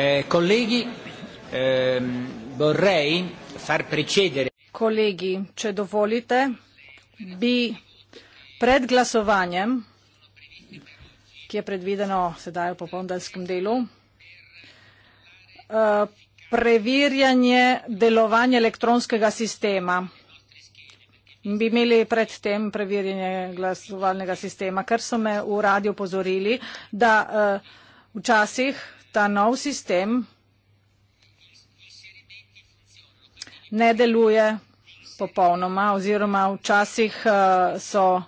Eh, colleghi, ehm, vorrei far precedere. Colleghi, se dovolite, bi pred glasovanjem, ki je predvideno sedaj v popoldanskem delu, eh, preverjanje delovanja elektronskega sistema. Bi imeli predtem preverjanje glasovalnega sistema, ker so me v radiju pozorili, da eh, včasih ta nov sistem ne deluje popolnoma oziroma včasih eh, so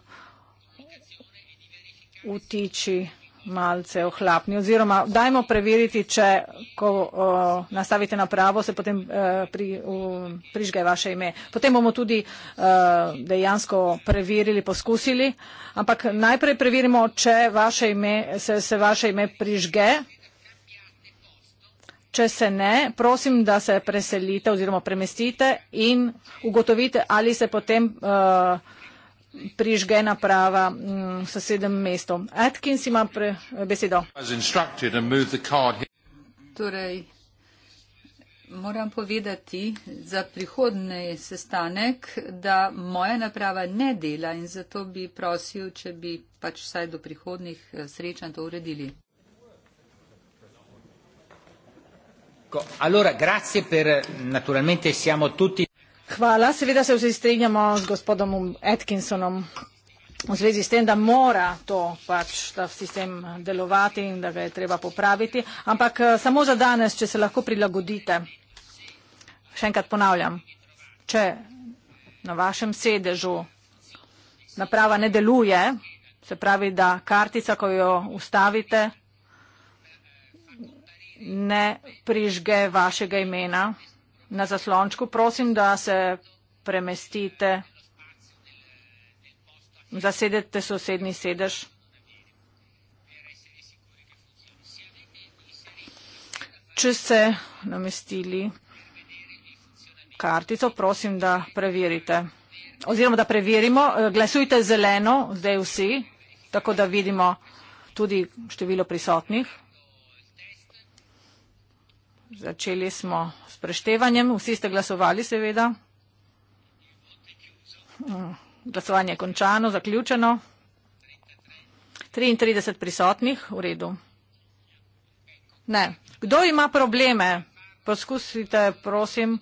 vtiči malce ohlapni oziroma dajmo preveriti, če ko nastavite napravo, se potem eh, prižge vaše ime. Potem bomo tudi eh, dejansko preverili, poskusili, ampak najprej preverimo, če se vaše ime prižge, Če se ne, prosim, da se preselite oziroma premestite in ugotovite, ali se potem uh, prižge naprava um, sosedem mestom. Atkins ima pre, besedo. Torej, moram povedati za prihodni sestanek, da moja naprava ne dela in zato bi prosil, če bi pač vsaj do prihodnih eh, srečanj to uredili. Ecco, allora grazie per, naturalmente siamo tutti... Hvala, seveda se vsi strinjamo z gospodom Atkinsonom v zvezi s tem, da mora to pač ta sistem delovati in da ga je treba popraviti, ampak eh, samo za danes, če se lahko prilagodite, še enkrat ponavljam, če na vašem sedežu naprava ne deluje, se pravi, da kartica, ko jo ustavite, ne prižge vašega imena na zaslončku. Prosim, da se premestite, zasedete sosednji sedež. Če ste namestili kartico, prosim, da preverite. Oziroma, da preverimo. Eh, glasujte zeleno, zdaj vsi, tako da vidimo tudi število prisotnih. Začeli smo s preštevanjem, vsi ste glasovali seveda. Mm, glasovanje je končano, zaključeno. 33 prisotnih, v redu. Ne. Kdo ima probleme? Poskusite, prosim,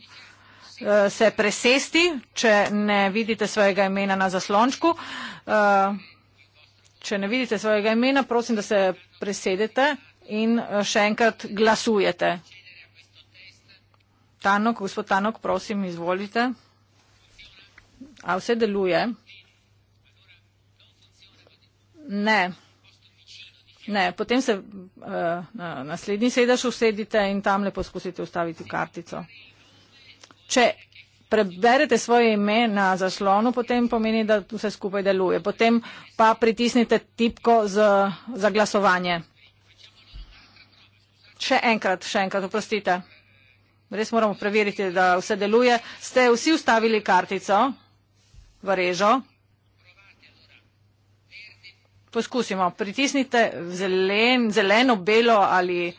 eh, se presesti, če ne vidite svojega imena na zaslončku. Eh, če ne vidite svojega imena, prosim, da se presedete in eh, še enkrat glasujete. Tanok, gospod Tanok, prosim, izvolite. A vse deluje? Ne. Ne, potem se eh, na naslednji sedež usedite in tam lepo skusite ustaviti kartico. Če preberete svoje ime na zaslonu, potem pomeni, da vse skupaj deluje. Potem pa pritisnite tipko za glasovanje. Še enkrat, še enkrat, oprostite. Res moramo preveriti, da vse deluje. Ste vsi ustavili kartico v režo? Poskusimo. Pritisnite zelen, zeleno, belo ali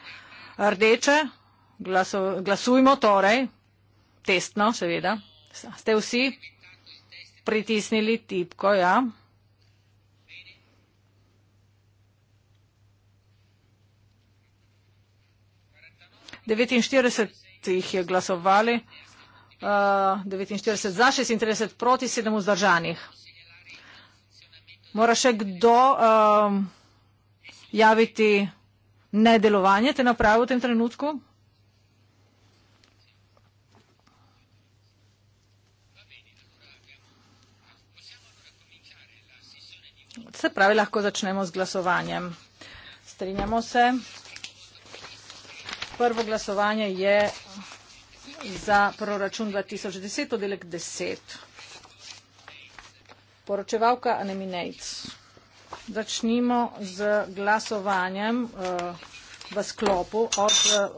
rdeče. Glasu, glasujmo torej. Testno, seveda. Ste vsi pritisnili tipko, ja. devetinštirideset jih je glasovali, uh, 49 za, 36 proti, 7 vzdržanih. Mora še kdo um, javiti nedelovanje te naprave v tem trenutku? Se pravi, lahko začnemo z glasovanjem. Strinjamo se prvo glasovanje je za proračun 2010, oddelek 10. Poročevalka Aneminejc. Začnimo z glasovanjem eh, v sklopu od eh,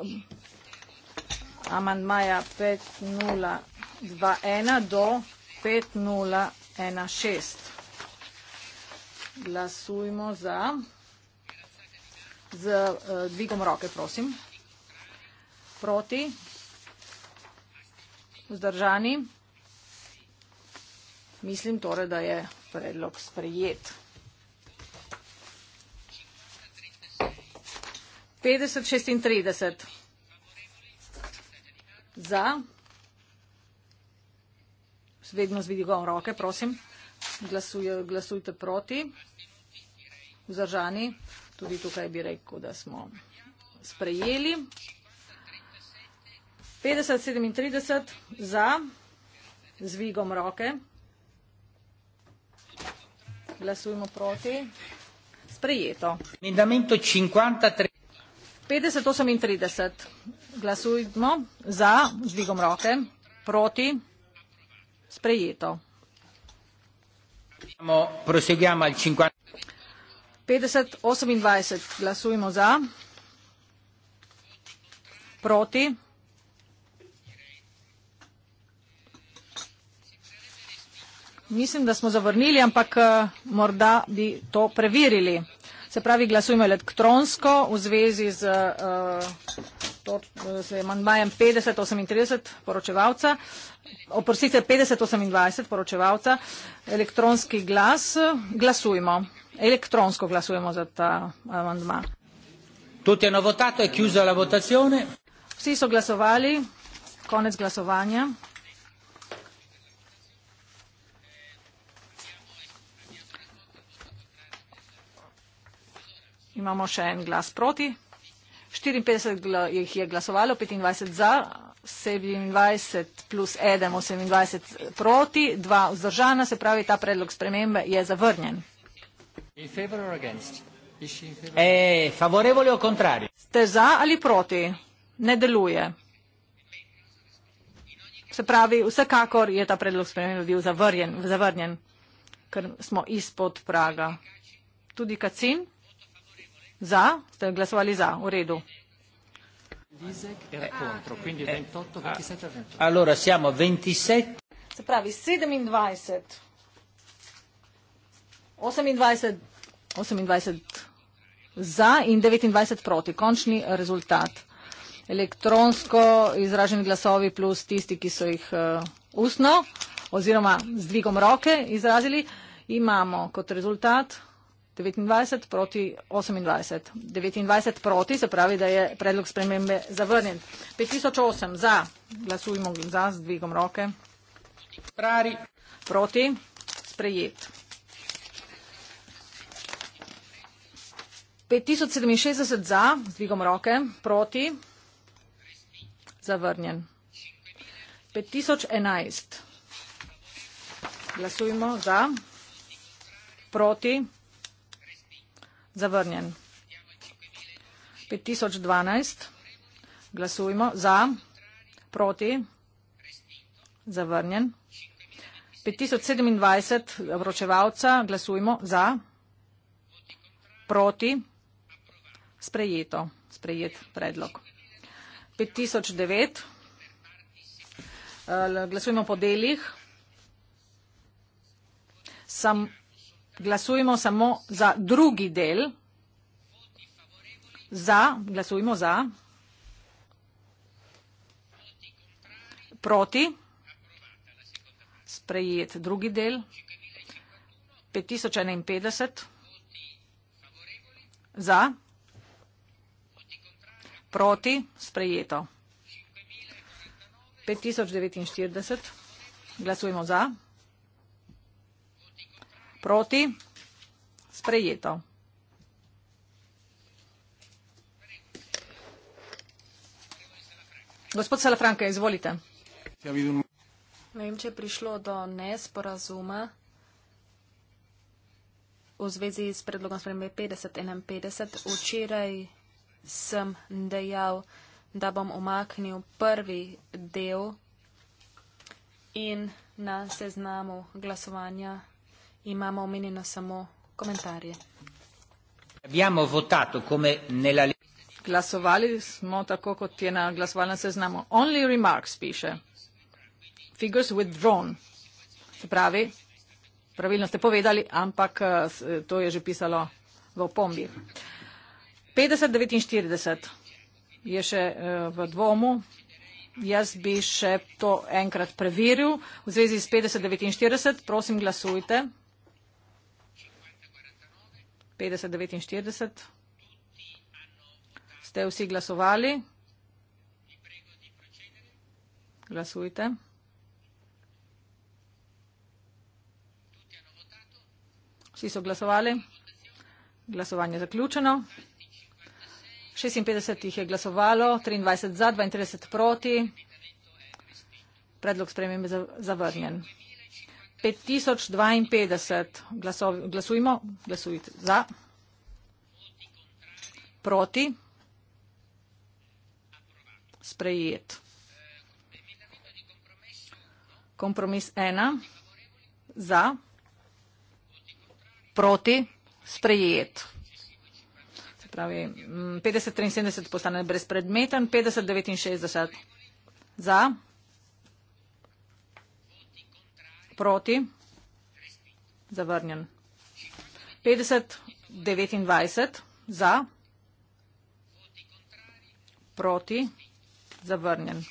amandmaja 5.0.2.1 do 5.0.1.6. Glasujmo za. Z eh, dvigom roke, prosim proti, vzdržani. Mislim torej, da je predlog sprejet. 50-36 za, vedno z vidikom roke, prosim, glasujte proti, vzdržani, tudi tukaj bi rekel, da smo sprejeli. 50, 37 za zvigom roke. Glasujemo proti. Sprejeto. 50, 38. Glasujemo za zvigom roke. Proti. Sprejeto. 50, 28. Glasujemo za. Proti. Mislim, da smo zavrnili, ampak eh, morda bi to preverili. Se pravi, glasujemo elektronsko v zvezi z eh, mandajem 50-38 poročevalca, oprostite 50-28 poročevalca, elektronski glas, glasujemo. Elektronsko glasujemo za ta mandma. Tutti hanno votato e chiusa la votazione. Vsi so glasovali, konec glasovanja. Imamo še en glas proti. 54 jih je glasovalo, 25 za, 27 plus 1, 28 proti, 2 vzdržana, se pravi, ta predlog spremembe je zavrnjen. Eh, Ste za ali proti? Ne deluje. Se pravi, vsekakor je ta predlog spremembe bil zavrnjen, ker smo izpod praga. Tudi kacin? Za, ste glasovali za, v redu. Eh. Se pravi, 27, 28, 28 za in 29 proti. Končni rezultat. Elektronsko izraženi glasovi plus tisti, ki so jih uh, ustno oziroma z dvigom roke izrazili, imamo kot rezultat 29 proti 28. 29 proti se pravi, da je predlog spremembe zavrnjen. 5008 za, glasujmo za z dvigom roke. Prari. Proti, sprejet. 5067 za, z dvigom roke, proti, zavrnjen. 5011, glasujmo za, proti, zavrnjen zavrnjen. 5012, glasujmo za, proti, zavrnjen. 5027, vročevalca, glasujmo za, proti, sprejeto, sprejet predlog. 5009, eh, glasujmo po delih, sam glasujmo samo za drugi del. Za, glasujmo za. Proti. Sprejet drugi del. 5051. Za. Proti. Sprejeto. 5049. Glasujmo za. Proti? Sprejeto. Gospod Salafranke, izvolite. Ne vem, če je prišlo do nesporazuma v zvezi s predlogom spremembe 5051. Včeraj sem dejal, da bom omaknil prvi del in na seznamu glasovanja imamo omenjeno samo komentarje. Glasovali smo tako, kot je na glasovalnem seznamu. Only remarks piše. Figures withdrawn. Se pravi, pravilno ste povedali, ampak eh, eh, to je že pisalo v opombi. 50-49 je še eh, v dvomu. Jaz bi še to enkrat preveril. V zvezi s 50-49 prosim glasujte. 5049. Ste vsi glasovali? Glasujte. Vsi so glasovali? Glasovanje je zaključeno. 56 jih je glasovalo, 23 za, 32 proti. Predlog spremembe je zavrnjen. 5. 5052 glasov. Glasujmo. Glasujte za. Proti. Sprejet. Kompromis ena. Za. Proti. Sprejet. Se pravi, 50-73 mm, postane brezpredmeten, 50-69 za proti zavrnjen. 5029 za proti zavrnjen.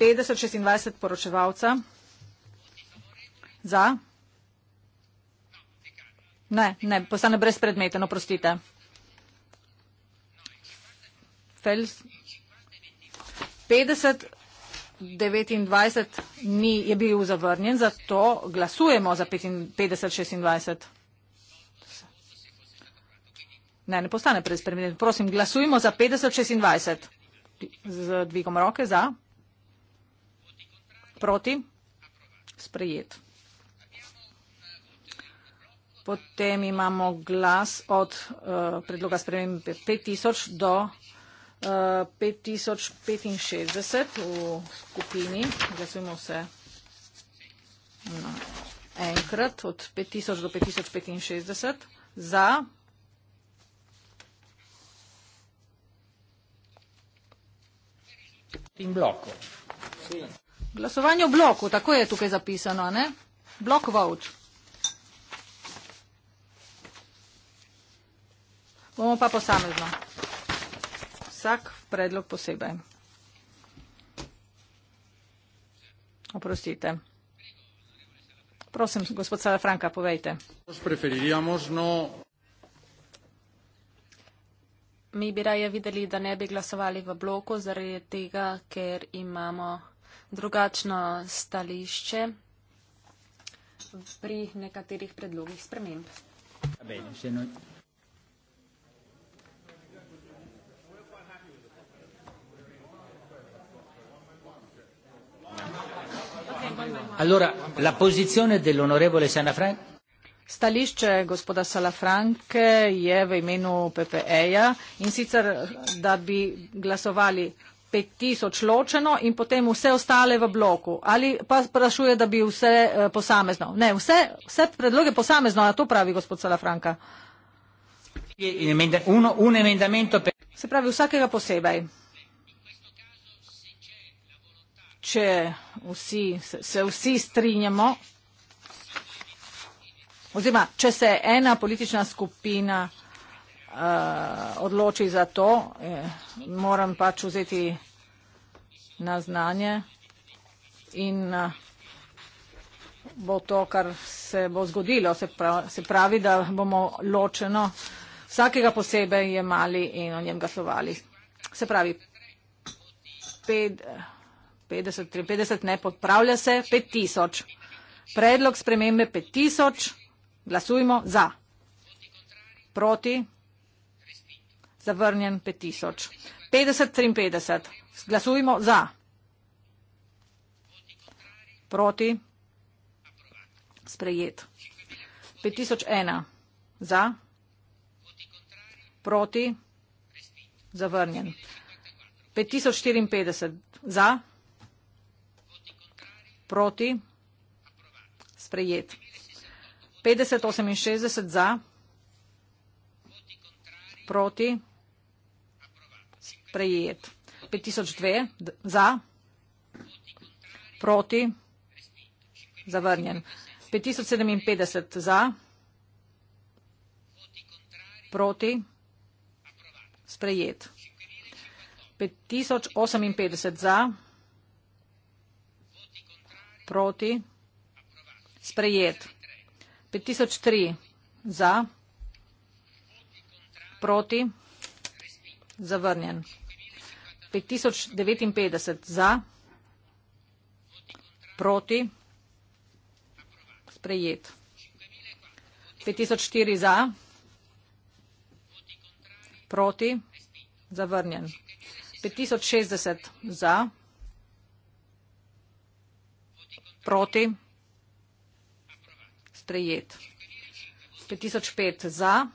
5026 poročevalca za ne, ne, postane brez predmeta, no prostite. Fels 5026 29 ni, je bil zavrnjen, zato glasujemo za 50-26. Ne, ne postane predspremljen. Prosim, glasujemo za 50-26. Z dvigom roke za. Proti. Sprejet. Potem imamo glas od uh, predloga spremembe 5000 do 5000. 5065 v skupini, glasujemo se enkrat od 5000 do 5065 za. In bloko. Glasovanje v bloku, tako je tukaj zapisano, ne? Blok vote. Bomo pa posamezno vsak predlog posebej. Oprostite. Prosim, gospod Salafranka, povejte. No- Mi bi raje videli, da ne bi glasovali v bloku zaradi tega, ker imamo drugačno stališče pri nekaterih predlogih sprememb. Allora, la posizione dell'onorevole Sanafran... Stališče gospoda Salafrank je v imenu PPE-ja in sicer, da bi glasovali 5000 ločeno in potem vse ostale v bloku. Ali pa sprašuje, da bi vse eh, posamezno. Ne, vse, vse predloge posamezno, a to pravi gospod Salafranka. Se pravi vsakega posebej če vsi, se vsi strinjamo, oziroma če se ena politična skupina uh, odloči za to, eh, moram pač vzeti na znanje in uh, bo to, kar se bo zgodilo, se pravi, se pravi, da bomo ločeno vsakega posebej jemali in o njem glasovali. Se pravi, pet. Uh, 50, 53, ne, podpravlja se 5000. Predlog spremembe 5000, glasujmo za. Proti, zavrnjen 5000. 50, 53, glasujmo za. Proti, sprejet. 5001, za. Proti, zavrnjen. 5054, za proti. Sprejet. 5068 za. Proti. Sprejet. 5002 za. Proti. Zavrnjen. 5057 za. Proti. Sprejet. 5058 za proti. Sprejet. 5003 za. Proti. Zavrnjen. 5059 za. Proti. Sprejet. 5004 za. Proti. Zavrnjen. 5060 za. Proti proti. Sprejet. 5005 za.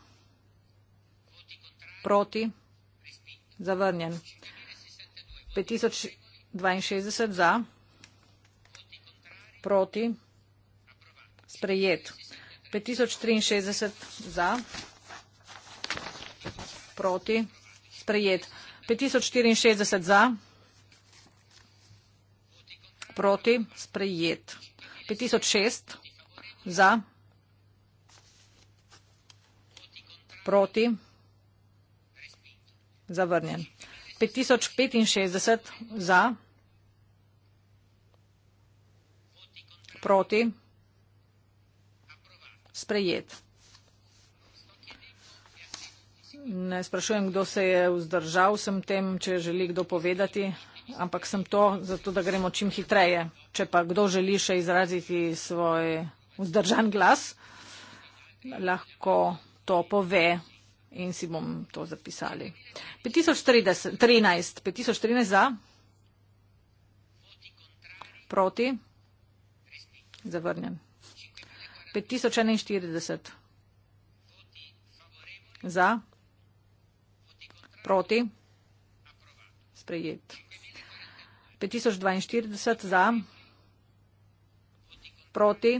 Proti. Zavrnjen. 5062 za. Proti. Sprejet. 5063 za. Proti. Sprejet. 5064 za proti sprejet. 5006 za, proti, zavrnjen. 5065 za, proti, sprejet. Ne sprašujem, kdo se je vzdržal vsem tem, če želi kdo povedati ampak sem to, zato da gremo čim hitreje. Če pa kdo želi še izraziti svoj vzdržan glas, lahko to pove in si bom to zapisali. 5013, 5013 za, proti, zavrnjen. 5041 za, proti, sprejet. 5042 za, proti,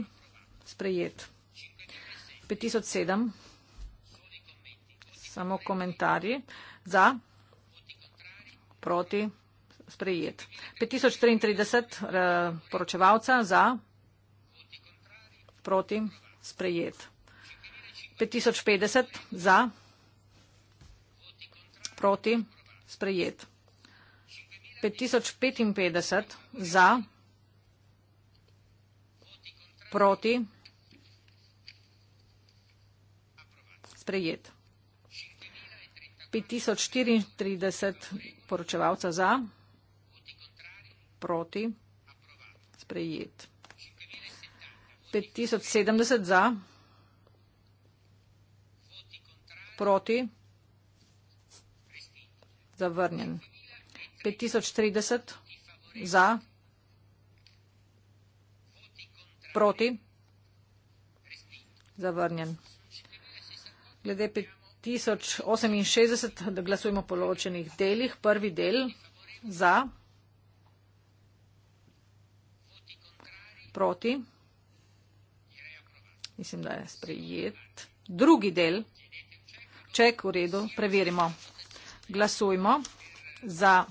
sprejet. 5007, samo komentarji, za, proti, sprejet. 5033 eh, poročevalca za, proti, sprejet. 5050 za, proti, sprejet. 5050 za, proti, sprejet. 5055 za, proti, sprejet. 5034 poročevalca za, proti, sprejet. 5070 za, proti, zavrnjen. 5030 za, proti, zavrnjen. Glede 5068, da glasujemo po ločenih delih, prvi del, za, proti, mislim, da je sprejet. Drugi del, ček, v redu, preverimo. Glasujmo za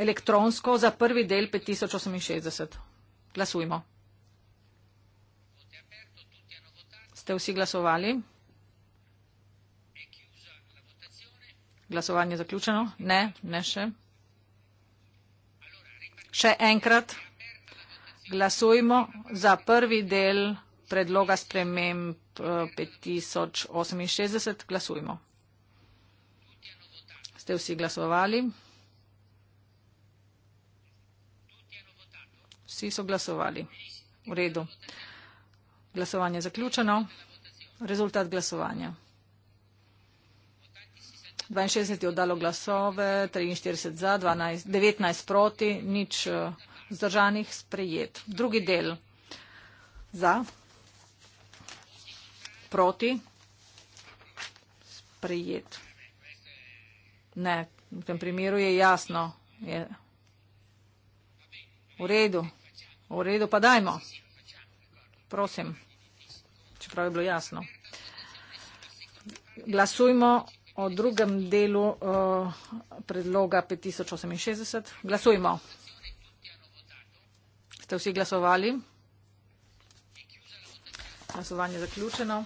elektronsko za prvi del 5068. Glasujmo. Ste vsi glasovali? Glasovanje zaključeno? Ne, ne še. Še enkrat. Glasujmo za prvi del predloga sprememb 5068. Eh, Glasujmo. Ste vsi glasovali? Glasujmo. Vsi so glasovali. V redu. Glasovanje zaključeno. Rezultat glasovanja. 62 je oddalo glasove, 43 za, 12, 19 proti, nič eh, zdržanih sprejet. Drugi del za, proti, sprejet. Ne, v tem primeru je jasno. Je. V redu. V redu, pa dajmo. Prosim, čeprav je bilo jasno. Glasujmo o drugem delu uh, predloga 5068. Glasujmo. Ste vsi glasovali? Glasovanje zaključeno.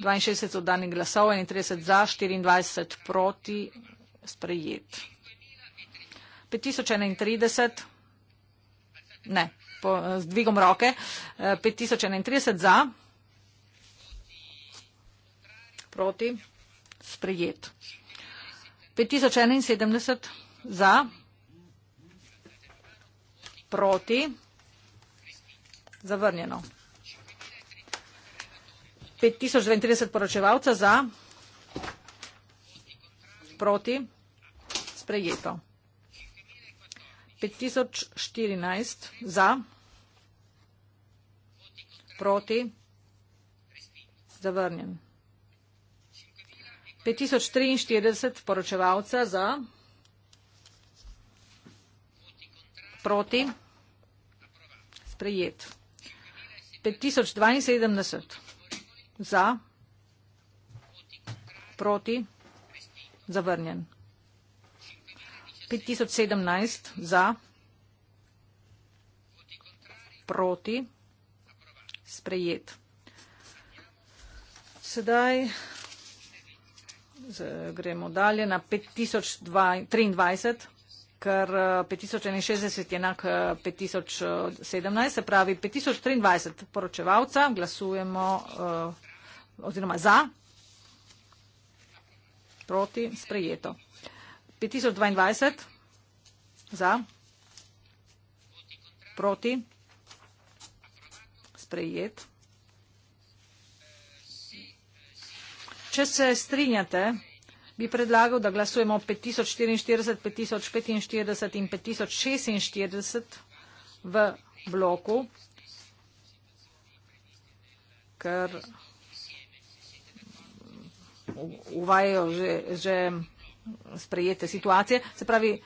62 oddanih glasov, 31 za, 24 proti, sprejet. 5031 ne, po, z dvigom roke, 5031 eh, za, proti, sprejet. 5071 za, proti, zavrnjeno. 5032 poročevalca za, proti, sprejeto. 5014 za, proti, zavrnjen. 5043 poročevalca za, proti, sprejet. 5072 za, proti, zavrnjen. 5.074 5017 za, proti, sprejet. Sedaj gremo dalje na 5023, ker 5061 eh, je enak 5017, eh, se pravi 5023 poročevalca, glasujemo eh, oziroma za, proti, sprejeto. 5022 za, proti. Sprejet. Če se strinjate, bi predlagal, da glasujemo pet tisoč štiriinštirideset, pet tisoč petinštirideset in pet tisoč šestinštirideset v bloku, ker uvajajo že, že sprejete situacije. Se pravi, e,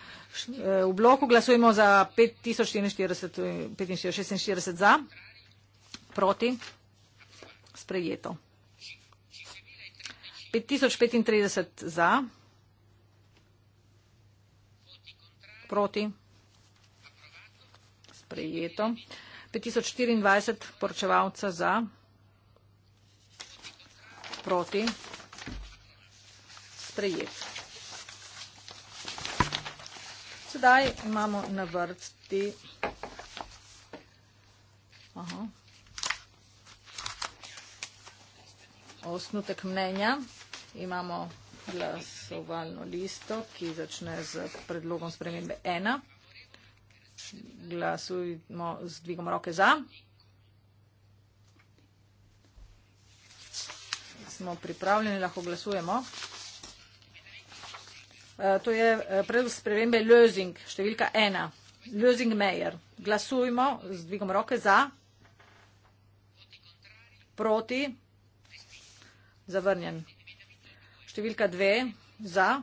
v bloku glasujemo za 5046 za, proti, sprejeto. 5035 za, proti, sprejeto. 5024 poročevalca za, proti, sprejeto sedaj imamo na vrsti osnutek mnenja. Imamo glasovalno listo, ki začne z predlogom spremembe 1. Glasujemo z dvigom roke za. Smo pripravljeni, lahko glasujemo. Eh, to je eh, predlog spremembe Lözing, številka ena. Lözing Meyer. Glasujmo z dvigom roke za, proti, zavrnjen. Številka dve, za,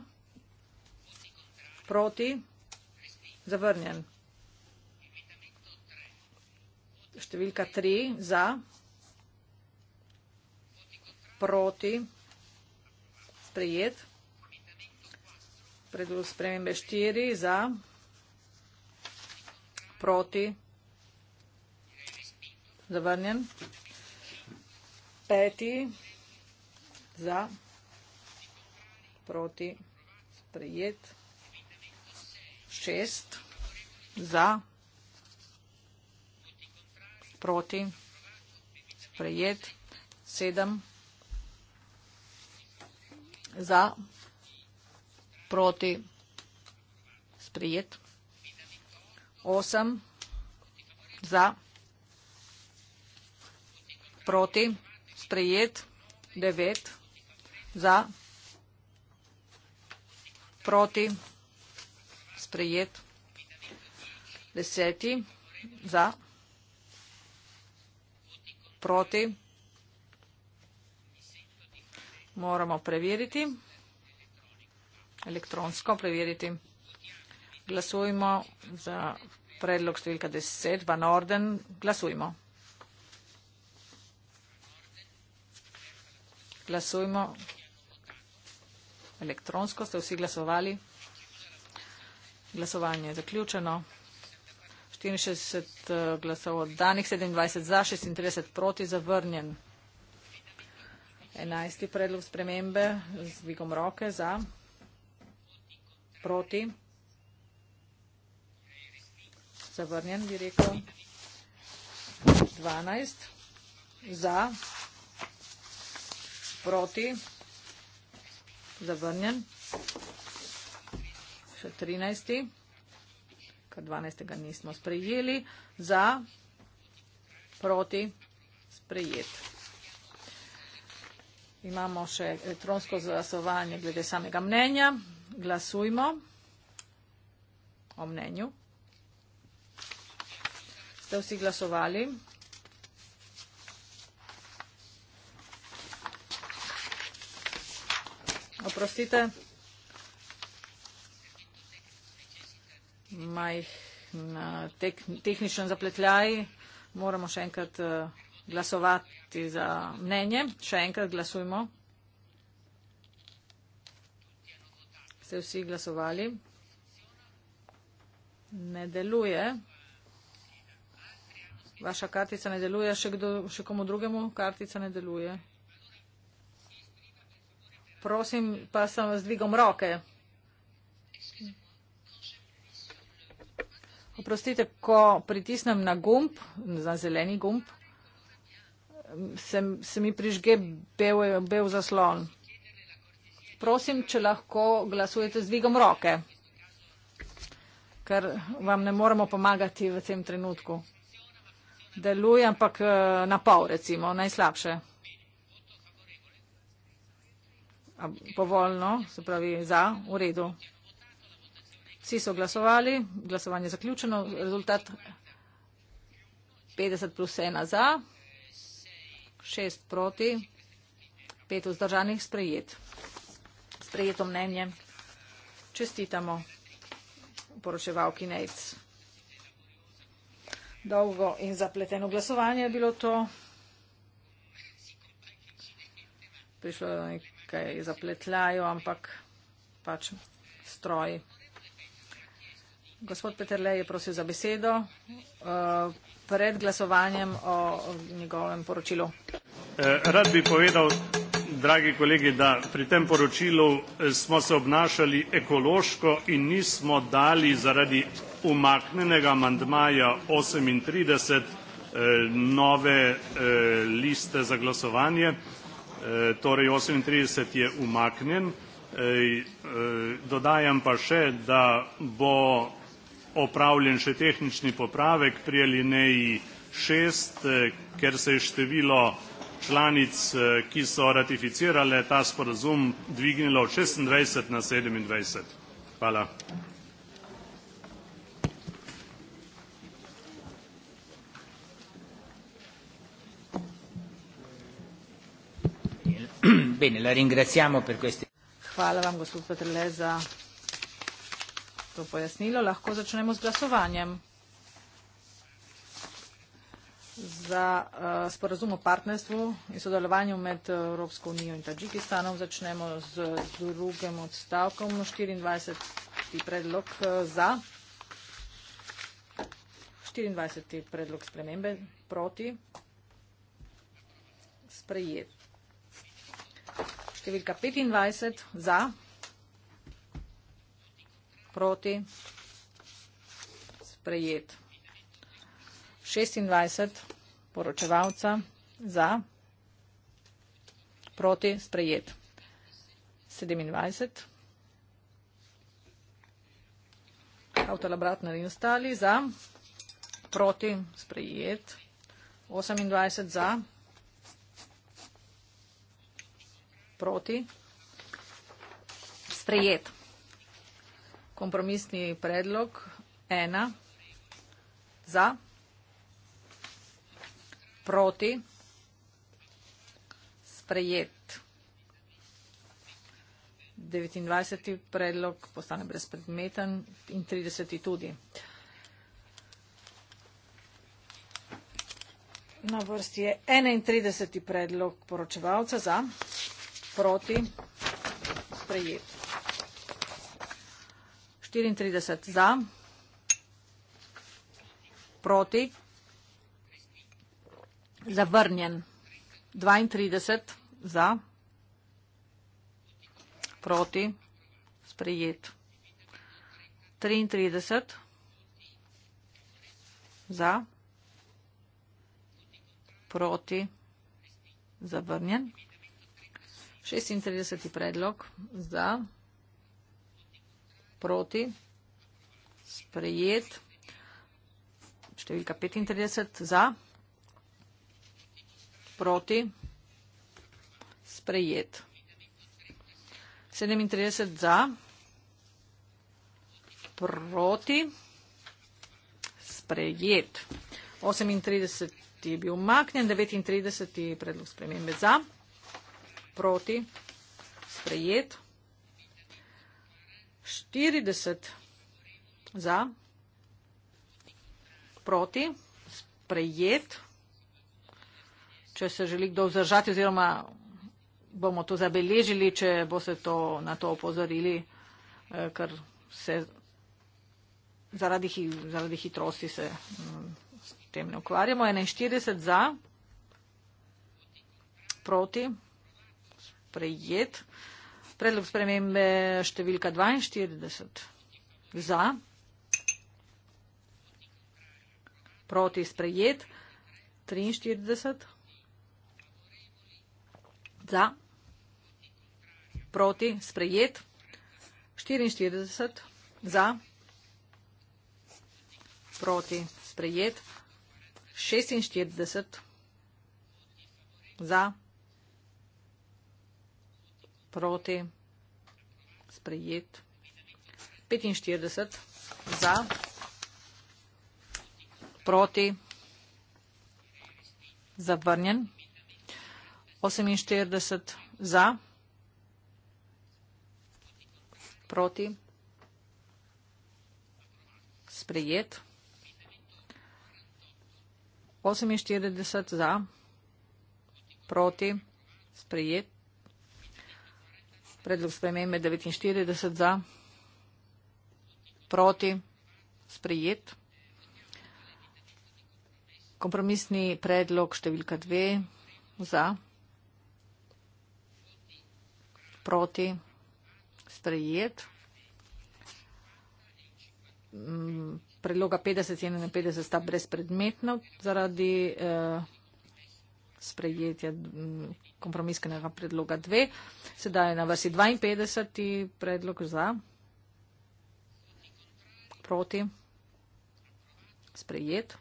proti, zavrnjen. Številka tri, za, proti, sprejet spremembe štiri za, proti, zavrnjen, peti za, proti, sprejet, šest za, proti, sprejet, sedem za, proti, proti sprijet. Osem za proti sprijet. Devet za proti sprijet. Deseti za proti. Moramo preveriti. Moramo preveriti elektronsko preveriti. Glasujmo za predlog številka 10. Van Orden, glasujmo. Glasujmo. Elektronsko ste vsi glasovali. Glasovanje je zaključeno. 64 eh, glasov oddanih, 27 za, 36 proti, zavrnjen. 11. predlog spremembe z dvigom roke za proti. Zavrnjen bi rekel 12 za, proti, zavrnjen, še 13, ker 12. nismo sprejeli, za, proti, sprejet. Imamo še elektronsko zasovanje glede samega mnenja, glasujmo o mnenju. Ste vsi glasovali? Oprostite. Majhna tek, tehnična zapletljaj. Moramo še enkrat eh, glasovati za mnenje. Še enkrat glasujmo. ste vsi glasovali. Ne deluje. Vaša kartica ne deluje. Še, kdo, še komu drugemu kartica ne deluje? Prosim, pa sem z dvigom roke. Oprostite, ko pritisnem na gumb, na zeleni gumb, se, se mi prižge bel, bel zaslon. Prosim, če lahko glasujete z dvigom roke, ker vam ne moremo pomagati v tem trenutku. Deluje, ampak eh, na pol, recimo, najslabše. Povoljno, se pravi, za, v redu. Vsi so glasovali, glasovanje je zaključeno, rezultat 50 plus 1 za, 6 proti, 5 vzdržanih sprejet sprejeto mnenje. Čestitamo poročevalki Nejc. Dolgo in zapleteno glasovanje je bilo to. Prišlo je nekaj zapletljajo, ampak pač stroj. Gospod Peterlej je prosil za besedo uh, pred glasovanjem o njegovem poročilu. Eh, rad bi povedal dragi kolegi, da pri tem poročilu eh, smo se obnašali ekološko in nismo dali zaradi umaknenega mandmaja 38 eh, nove eh, liste za glasovanje. Torej 38 je umaknen. Dodajam pa še, da bo opravljen še tehnični popravek pri alineji 6, ker se je število članic, eh, ki so ratificirale ta sporazum, dvignilo od 26 na 27. Hvala. Bene, la ringraziamo per questi... Hvala vam, gospod Petrle, za to pojasnilo. Lahko začnemo z glasovanjem za uh, sporazum o partnerstvu in sodelovanju med eh, Evropsko unijo in Tadžikistanom. Začnemo z drugim odstavkom. 24. predlog eh, za. 24. predlog spremembe proti. Sprejet. Številka 25 za. Proti. Sprejet šestindvajset poročevalca za proti sprejet sedemindvajset avtor obratno in ostali za proti sprejet osemindvajset za proti sprejet kompromisni predlog ena za proti sprejet. 29. predlog postane brezpredmeten in 30. tudi. Na vrsti je 31. predlog poročevalca za proti sprejet. 34 za, proti Zavrnjen. 32 za. Proti. Sprejet. 33 za. Proti. Zavrnjen. 36. predlog za, proti, sprejet, številka 35 za, proti sprejet. 37 za, proti sprejet. 38 je bil umaknjen, 39 je predlog spremembe za, proti sprejet. 40 za, proti sprejet če se želi kdo vzdržati oziroma bomo to zabeležili, če bo se to na to opozorili, eh, ker se zaradi, zaradi hitrosti se mm, s tem ne ukvarjamo. 41 za, proti, sprejet. Predlog spremembe številka 42 za, proti, sprejet. 43 za, proti, sprejet, 44 za, proti, sprejet, 46 za, proti, sprejet, 45 za, proti, zavrnjen. 48 za, proti. Sprejet. 48 za, proti, sprejet. Predlog spremembe 49 za, proti, sprejet. Kompromisni predlog številka dve za proti sprejet. Predloga 50 in 51 sta brezpredmetna zaradi eh, sprejetja mm, kompromiskenega predloga 2. Sedaj je na vrsti 52 predlog za proti sprejet.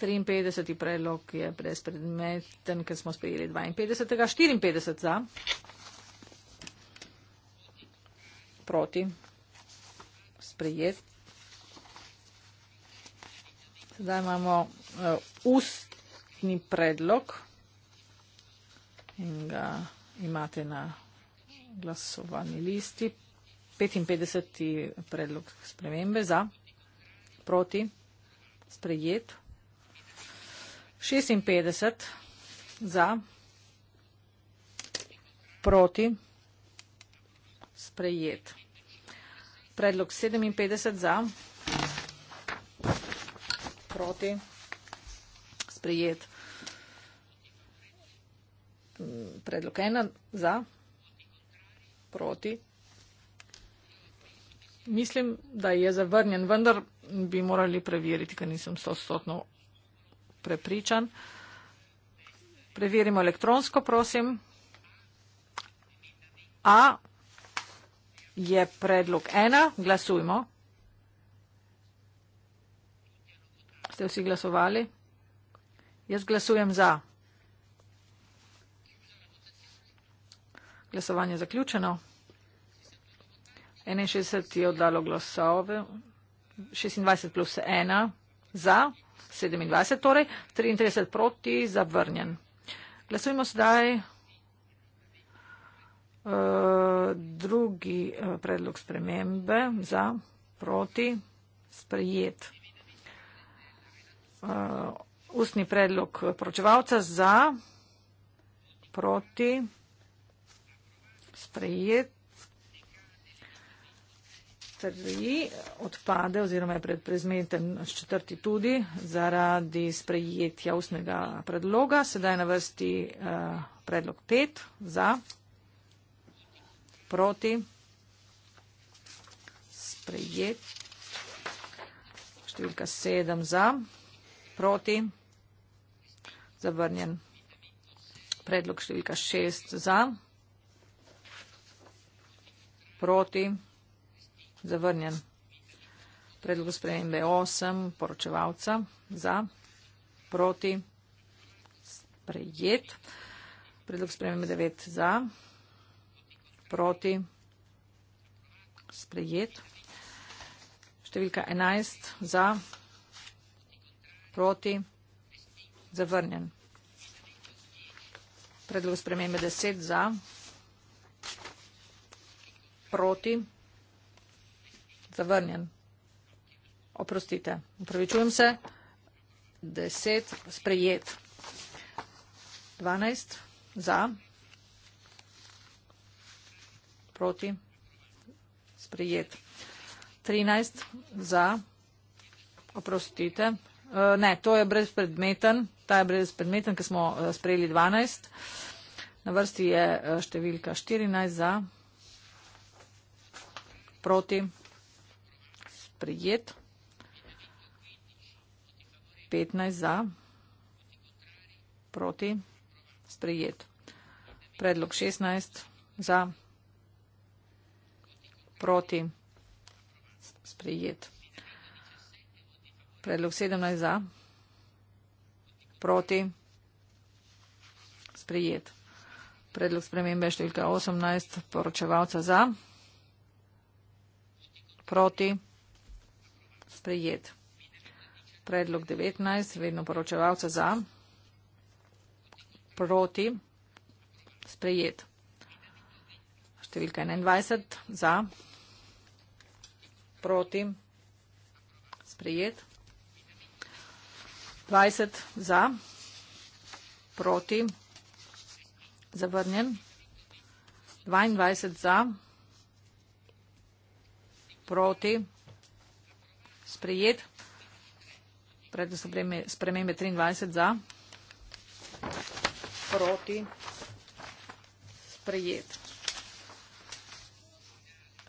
53. predlog je brezpredmeten, ker smo sprejeli 52. 54 za. Proti. Sprejet. Zdaj imamo uh, ustni predlog in ga imate na glasovani listi. 55. predlog spremembe za. Proti. Sprejet. 56 za, proti, sprejet. Predlog 57 za, proti, sprejet. Predlog 1 za, proti. Mislim, da je zavrnjen, vendar bi morali preveriti, ker nisem 100-stotno 100 prepričan. Preverimo elektronsko, prosim. A je predlog ena, glasujmo. Ste vsi glasovali? Jaz glasujem za. Glasovanje zaključeno. 61 je oddalo glasove. 26 plus 1 za 27, torej 33 proti zavrnjen. Glasujmo zdaj uh, eh, drugi uh, predlog spremembe za proti sprejet. Uh, ustni predlog poročevalca za proti sprejet. 3 odpade oziroma je pred prezmeten četrti tudi zaradi sprejetja ustnega predloga. Sedaj na vrsti uh, predlog 5 za, proti, sprejet, številka 7 za, proti, zavrnjen predlog številka 6 za, proti, zavrnjen. Predlog spremembe 8, poročevalca za, proti, sprejet. Predlog spremembe 9 za, proti, sprejet. Številka 11 za, proti, zavrnjen. Predlog spremembe 10 za, proti, zavrnjen. Zavrnjen. Oprostite. Upravičujem se. Deset. Sprejet. Dvanajst. Za. Proti. Sprejet. Trinajst. Za. Oprostite. E, ne, to je brezpredmeten. Ta je brezpredmeten, ker smo e, sprejeli dvanajst. Na vrsti je e, številka 14 za, proti sprejet. 15 za, proti, sprejet. Predlog 16 za, proti, sprejet. Predlog 17 za, proti, sprejet. Predlog spremembe številka 18, poročevalca za, proti, sprejet sprejet. Predlog 19, vedno poročevalca za, proti, sprejet. Številka 21, za, proti, sprejet. 20, za, proti, zavrnjen. 22, za, proti, sprejet sprejet. Predlog spremembe 23 za. Proti. Sprejet.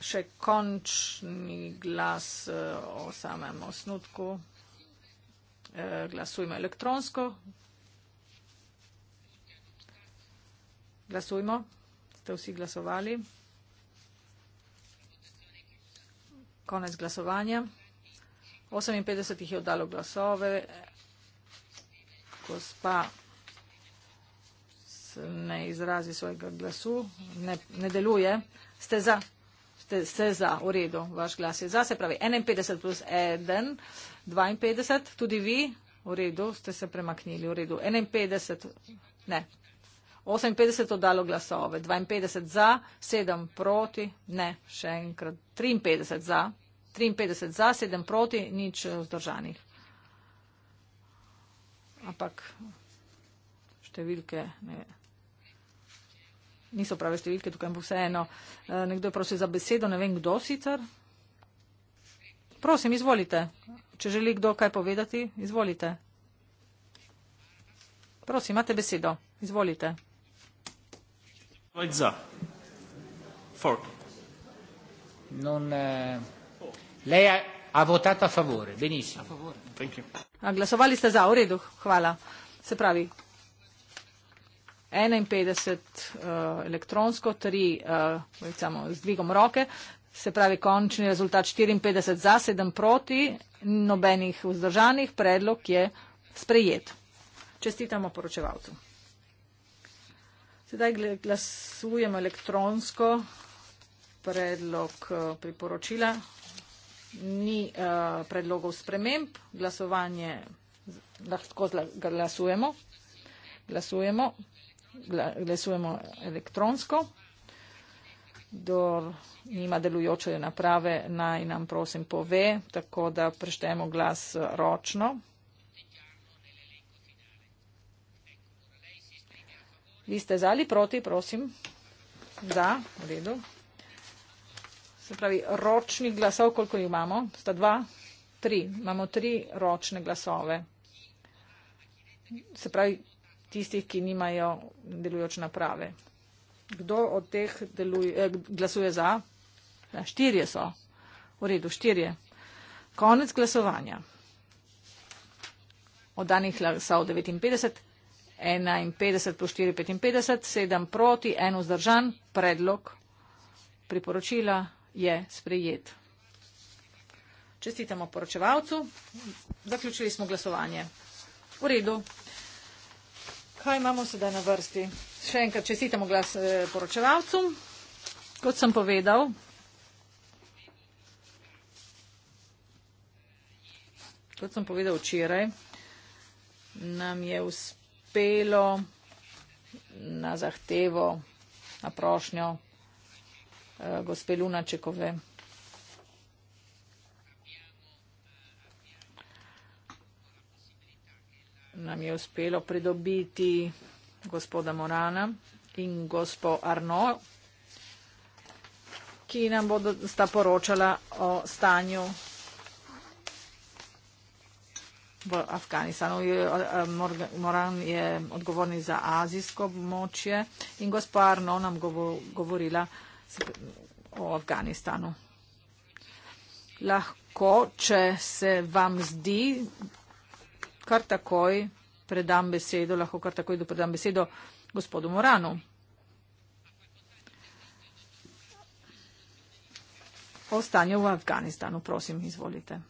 Še končni glas eh, o samem osnutku. Eh, glasujmo elektronsko. Glasujmo. Ste vsi glasovali. Konec glasovanja. 58 jih je oddalo glasove. Gospa ne izrazi svojega glasu, ne, ne deluje. Ste za? Ste, ste za, v redu, vaš glas je za, se pravi 51 plus 1, 52, tudi vi, v redu, ste se premaknili, v redu, 51, ne. 58 oddalo glasove, 52 za, 7 proti, ne, še enkrat, 53 za, 53 za, 7 proti, nič vzdržanih. Ampak številke ne, niso prave številke, tukaj bo vseeno. Eh, nekdo je prosil za besedo, ne vem kdo sicer. Prosim, izvolite. Če želi kdo kaj povedati, izvolite. Prosim, imate besedo. Izvolite. Za. For. Non, eh... Lei ha, ha votato a favore, benissimo. A favore. Thank you. Ah, glasovali ste za, v redu, hvala. Se pravi, 51 uh, eh, elektronsko, 3 uh, recimo, z dvigom roke, se pravi končni rezultat 54 za, 7 proti, nobenih vzdržanih, predlog je sprejet. Čestitamo poročevalcu. Sedaj glasujemo elektronsko predlog eh, priporočila ni uh, predlogov sprememb, glasovanje lahko glasujemo, glasujemo, glasujemo elektronsko. Dor nima delujoče naprave, naj nam prosim pove, tako da preštejemo glas eh, ročno. Vi ste za ali proti, prosim? Za, v redu se pravi, ročnih glasov, koliko jih imamo? Sta dva, tri. Imamo tri ročne glasove. Se pravi, tistih, ki nimajo delujoče naprave. Kdo od teh deluje, eh, glasuje za? Ja, štirje so. V redu, štirje. Konec glasovanja. Od danih glasov 59, 51 plus 4, 55, 7 proti, 1 vzdržan, predlog priporočila je sprejet. Čestitamo poročevalcu. Zaključili smo glasovanje. V redu. Kaj imamo sedaj na vrsti? Še enkrat čestitamo glas eh, poročevalcu. Kot sem povedal, kot sem povedal včeraj, nam je uspelo na zahtevo, na prošnjo Eh, gospe Lunačekove. Nam je uspelo pridobiti gospoda Morana in gospo Arno, ki nam bodo sta poročala o stanju v Afganistanu. Eh, Moran je odgovorni za azijsko območje in gospa Arno nam govorila o o Afganistanu. Lahko, če se vam zdi, kar takoj predam besedo, lahko kar takoj dopredam besedo gospodu Moranu. O stanju v Afganistanu, prosim, izvolite.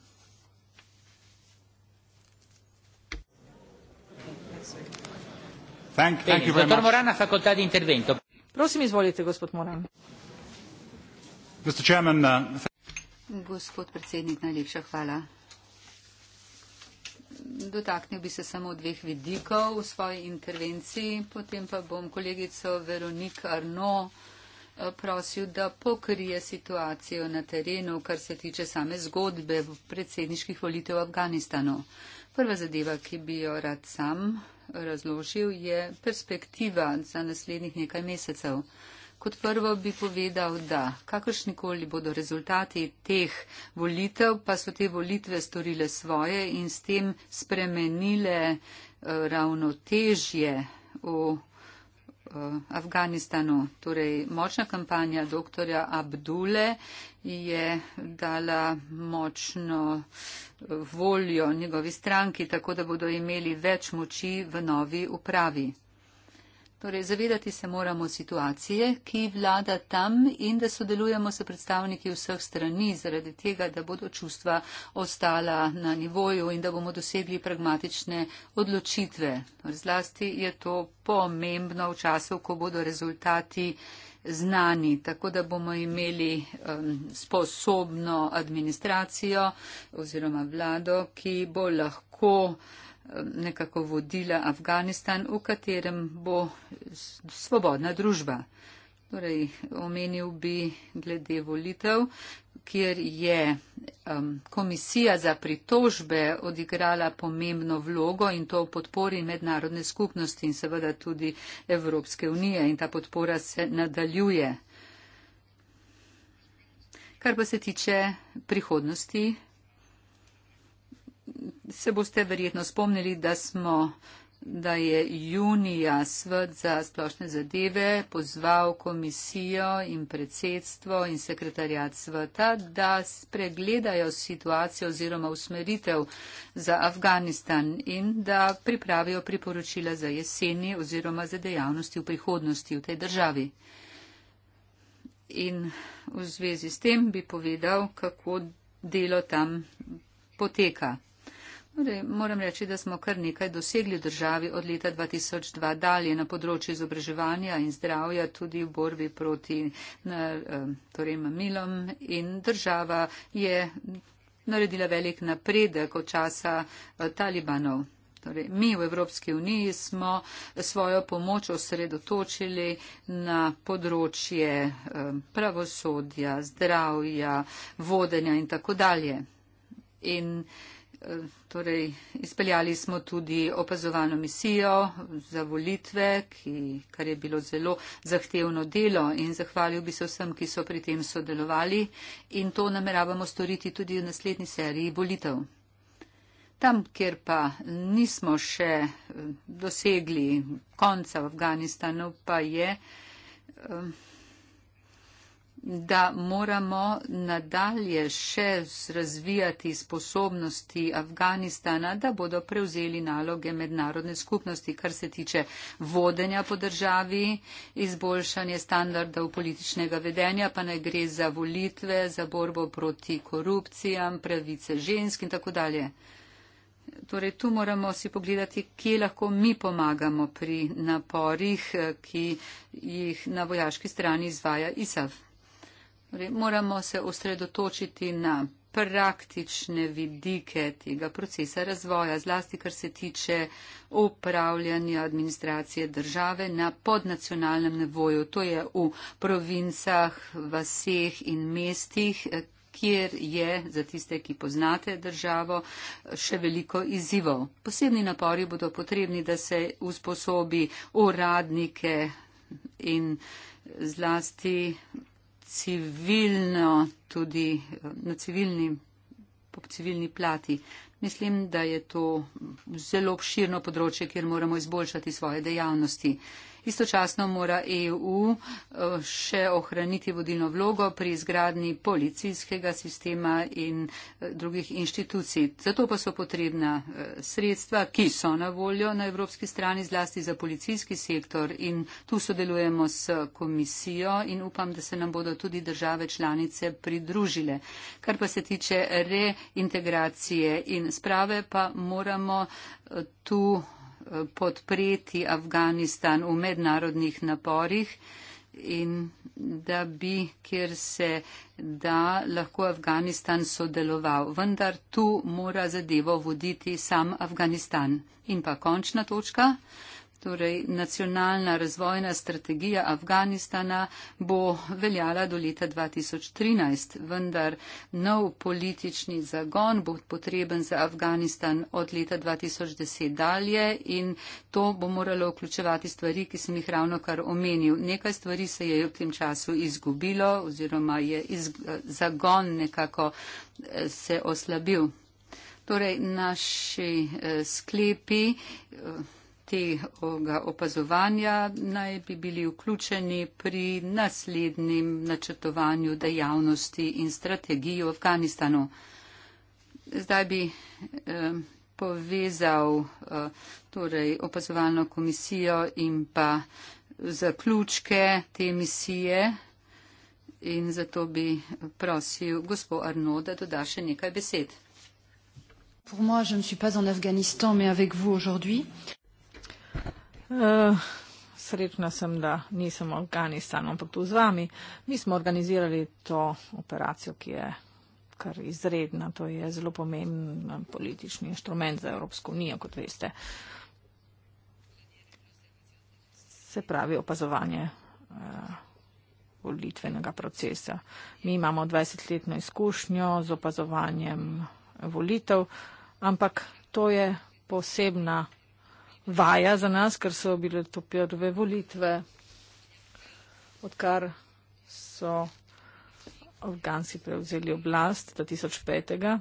Thank, thank you very much. Prosim, izvolite, gospod Moran. Chairman, uh, Gospod predsednik, najlepša hvala. Dotaknil bi se samo dveh vidikov v svoji intervenciji, potem pa bom kolegico Veronik Arno eh, prosil, da pokrije situacijo na terenu, kar se tiče same zgodbe predsedniških volitev v Afganistanu. Prva zadeva, ki bi jo rad sam razložil, je perspektiva za naslednjih nekaj mesecev. Kot prvo bi povedal, da kakršnikoli bodo rezultati teh volitev, pa so te volitve storile svoje in s tem spremenile eh, ravnotežje v eh, Afganistanu. Torej, močna kampanja dr. Abdule je dala močno eh, voljo njegovi stranki, tako da bodo imeli več moči v novi upravi. Torej, zavedati se moramo situacije, ki vlada tam in da sodelujemo s predstavniki vseh strani, zaradi tega, da bodo čustva ostala na nivoju in da bomo dosegli pragmatične odločitve. Torej, zlasti je to pomembno v času, ko bodo rezultati znani, tako da bomo imeli um, sposobno administracijo oziroma vlado, ki bo lahko nekako vodila Afganistan, v katerem bo svobodna družba. Torej, omenil bi glede volitev, kjer je um, komisija za pritožbe odigrala pomembno vlogo in to v podpori mednarodne skupnosti in seveda tudi Evropske unije in ta podpora se nadaljuje. Kar pa se tiče prihodnosti se boste verjetno spomnili, da smo da je junija svet za splošne zadeve pozval komisijo in predsedstvo in sekretarjat sveta, da spregledajo situacijo oziroma usmeritev za Afganistan in da pripravijo priporočila za jeseni oziroma za dejavnosti v prihodnosti v tej državi. In v zvezi s tem bi povedal, kako delo tam poteka. Torej, moram reči, da smo kar nekaj dosegli državi od leta 2002 dalje na področju izobraževanja in zdravja, tudi v borbi proti na, eh, torej mamilom. In država je naredila velik napredek od časa eh, talibanov. Torej, mi v Evropski uniji smo svojo pomoč osredotočili na področje eh, pravosodja, zdravja, vodenja in tako dalje torej, izpeljali smo tudi opazovano misijo za volitve, ki, kar je bilo zelo zahtevno delo in zahvalil bi se vsem, ki so pri tem sodelovali in to nameravamo storiti tudi v naslednji seriji volitev. Tam, kjer pa nismo še eh, dosegli konca v Afganistanu, pa je. Um, da moramo nadalje še razvijati sposobnosti Afganistana, da bodo prevzeli naloge mednarodne skupnosti, kar se tiče vodenja po državi, izboljšanje standardov političnega vedenja, pa naj gre za volitve, za borbo proti korupcijam, pravice žensk in tako dalje. Torej, tu moramo si pogledati, kje lahko mi pomagamo pri naporih, eh, ki jih na vojaški strani izvaja ISAF. Torej, moramo se osredotočiti na praktične vidike tega procesa razvoja, zlasti kar se tiče upravljanja administracije države na podnacionalnem nivoju, to je v provincah, vaseh in mestih, kjer je za tiste, ki poznate državo, še veliko izzivov. Posebni napori bodo potrebni, da se usposobi uradnike in zlasti civilno, tudi na civilni, po civilni plati. Mislim, da je to zelo obširno področje, kjer moramo izboljšati svoje dejavnosti. Istočasno mora EU eh, še ohraniti vodilno vlogo pri izgradni policijskega sistema in eh, drugih inštitucij. Zato pa so potrebna eh, sredstva, ki so na voljo na evropski strani, zlasti za policijski sektor. In tu sodelujemo s komisijo in upam, da se nam bodo tudi države članice pridružile. Kar pa se tiče reintegracije in sprave, pa moramo tu podpreti Afganistan v mednarodnih naporih in da bi, kjer se da, lahko Afganistan sodeloval. Vendar tu mora zadevo voditi sam Afganistan. In pa končna točka torej nacionalna razvojna strategija Afganistana bo veljala do leta 2013, vendar nov politični zagon bo potreben za Afganistan od leta 2010 dalje in to bo moralo vključevati stvari, ki sem jih ravno kar omenil. Nekaj stvari se je v tem času izgubilo oziroma je iz, zagon nekako eh, se oslabil. Torej, naši eh, sklepi. Eh, tega opazovanja naj bi bili vključeni pri naslednjem načrtovanju dejavnosti in strategiji v Afganistanu. Zdaj bi eh, povezal eh, torej, opazovalno komisijo in pa zaključke te misije in zato bi prosil gospod Arno, da doda še nekaj besed. Pour moi, je ne suis pas en Afghanistan, mais avec vous aujourd'hui. Euh, Eh, srečna sem, da nisem v Afganistanu, ampak tu z vami. Mi smo organizirali to operacijo, ki je kar izredna. To je zelo pomemben politični inštrument za Evropsko unijo, kot veste. Se pravi opazovanje uh, volitvenega procesa. Mi imamo 20-letno izkušnjo z opazovanjem volitev, ampak to je posebna vaja za nas, ker so bile to prve volitve, odkar so Afganci prevzeli oblast 2005.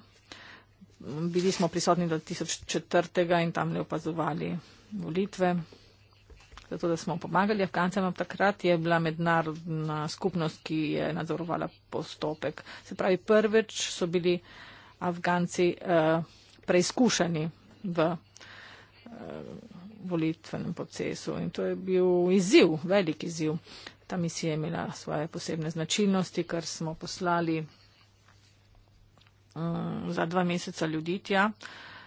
Bili smo prisotni do 2004. in tam ne opazovali volitve. Zato, da smo pomagali Afgancem, takrat je bila mednarodna skupnost, ki je nadzorovala postopek. Se pravi, prvič so bili Afganci eh, preizkušeni v. Eh, volitvenem procesu in to je bil izziv, velik izziv. Ta misija je imela svoje posebne značilnosti, ker smo poslali um, za dva meseca ljudi tja. Uh,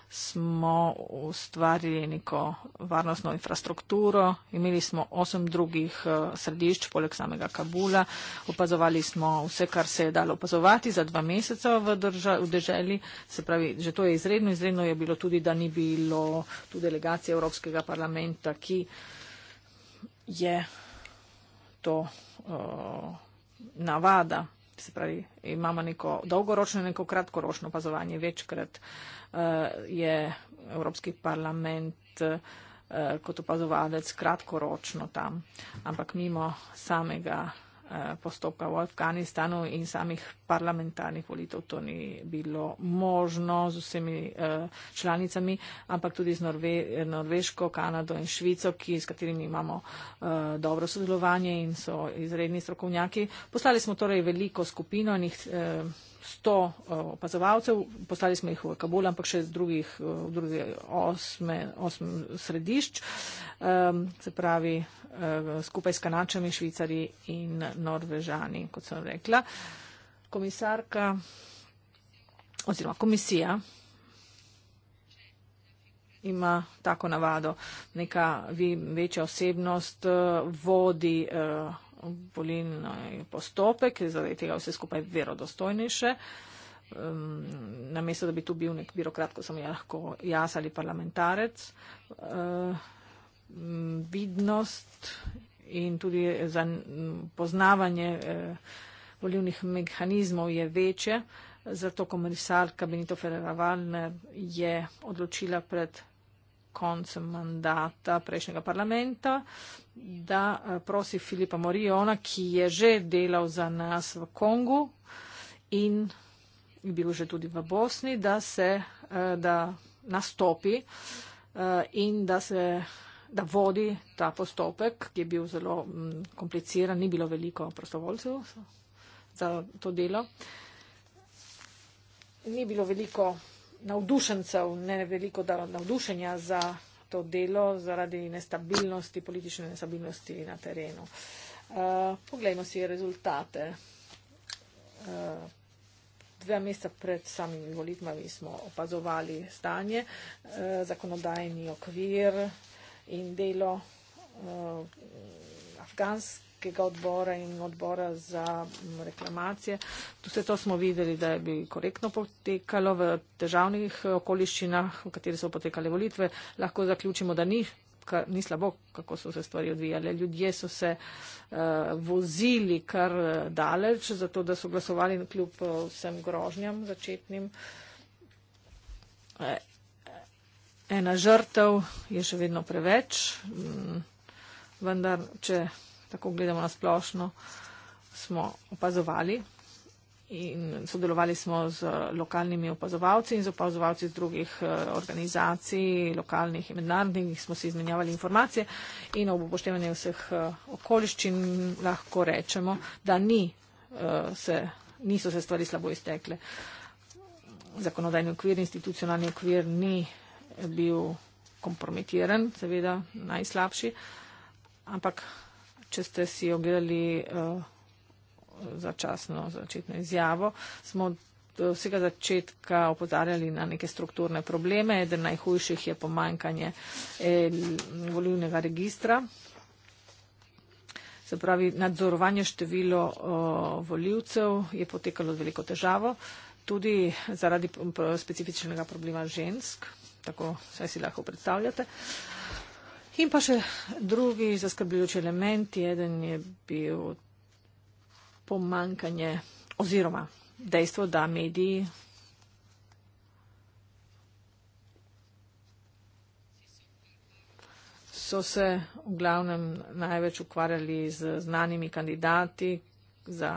smo ustvarili neko varnostno infrastrukturo, imeli smo osem drugih eh, središč poleg samega Kabula, opazovali smo vse, kar se je dalo opazovati za dva meseca v, drža, v deželi, se pravi, že to je izredno, izredno je bilo tudi, da ni bilo tu delegacije Evropskega parlamenta, ki je to uh, navada Se pravi, imamo neko dolgoročno in neko kratkoročno opazovanje. Večkrat eh, je Evropski parlament eh, kot opazovalec kratkoročno tam, ampak mimo samega postopka v Afganistanu in samih parlamentarnih volitev. To ni bilo možno z vsemi eh, članicami, ampak tudi z Norve Norveško, Kanado in Švico, ki, s katerimi imamo eh, dobro sodelovanje in so izredni strokovnjaki. Poslali smo torej veliko skupino in jih eh, 100 eh, opazovalcev, poslali smo jih v Kabul, ampak še z drugih, eh, drugih osme, osm središč, ehm, se pravi eh, skupaj s Kanačami, Švicari in Norvežani, kot sem rekla. Komisarka oziroma komisija ima tako navado, neka večja osebnost vodi volilni postopek, zaradi tega vse skupaj verodostojnejše. Um, na mesto, da bi tu bil nek birokrat, ko sem lahko jaz ali parlamentarec, um, vidnost in tudi za, um, poznavanje um, volilnih mehanizmov je večje. Zato komisar kabineto Ferrara Valner je odločila pred koncem mandata prejšnjega parlamenta, da eh, prosi Filipa Moriona, ki je že delal za nas v Kongu in bil že tudi v Bosni, da se eh, da nastopi eh, in da se da vodi ta postopek, ki je bil zelo mm, kompliciran, ni bilo veliko prostovoljcev za to delo. Ni bilo veliko navdušencev, ne veliko da, navdušenja za to delo zaradi nestabilnosti, politične nestabilnosti na terenu. Uh, poglejmo si rezultate. Uh, eh, dve meseca pred samimi volitvami smo opazovali stanje, uh, zakonodajni okvir in delo uh, afganskih energetskega odbora in odbora za mm, reklamacije. Vse to smo videli, da je bi korektno potekalo v težavnih okoliščinah, v kateri so potekale volitve. Lahko zaključimo, da ni. Kar, ni slabo, kako so se stvari odvijale. Ljudje so se uh, vozili kar eh, daleč, zato da so glasovali kljub eh, vsem grožnjam začetnim. Ena žrtev je še vedno preveč, mm, vendar če tako gledamo na splošno, smo opazovali in sodelovali smo z lokalnimi opazovalci in z opazovalci z drugih eh, organizacij, lokalnih in mednarodnih, smo si izmenjavali informacije in ob upoštevanju vseh eh, okoliščin lahko rečemo, da ni, eh, se, niso se stvari slabo iztekle. Zakonodajni okvir, institucionalni okvir ni bil kompromitiran, seveda najslabši, ampak če ste si ogledali uh, začasno začetno izjavo, smo od vsega začetka opozarjali na neke strukturne probleme. Eden najhujših je pomankanje el, eh, volivnega registra. Se pravi, nadzorovanje število o, eh, voljivcev je potekalo z veliko težavo, tudi zaradi specifičnega problema žensk, tako saj si lahko predstavljate. O, In pa še drugi zaskrbljujoči element, eden je bil pomankanje oziroma dejstvo, da mediji so se v glavnem največ ukvarjali z znanimi kandidati, za,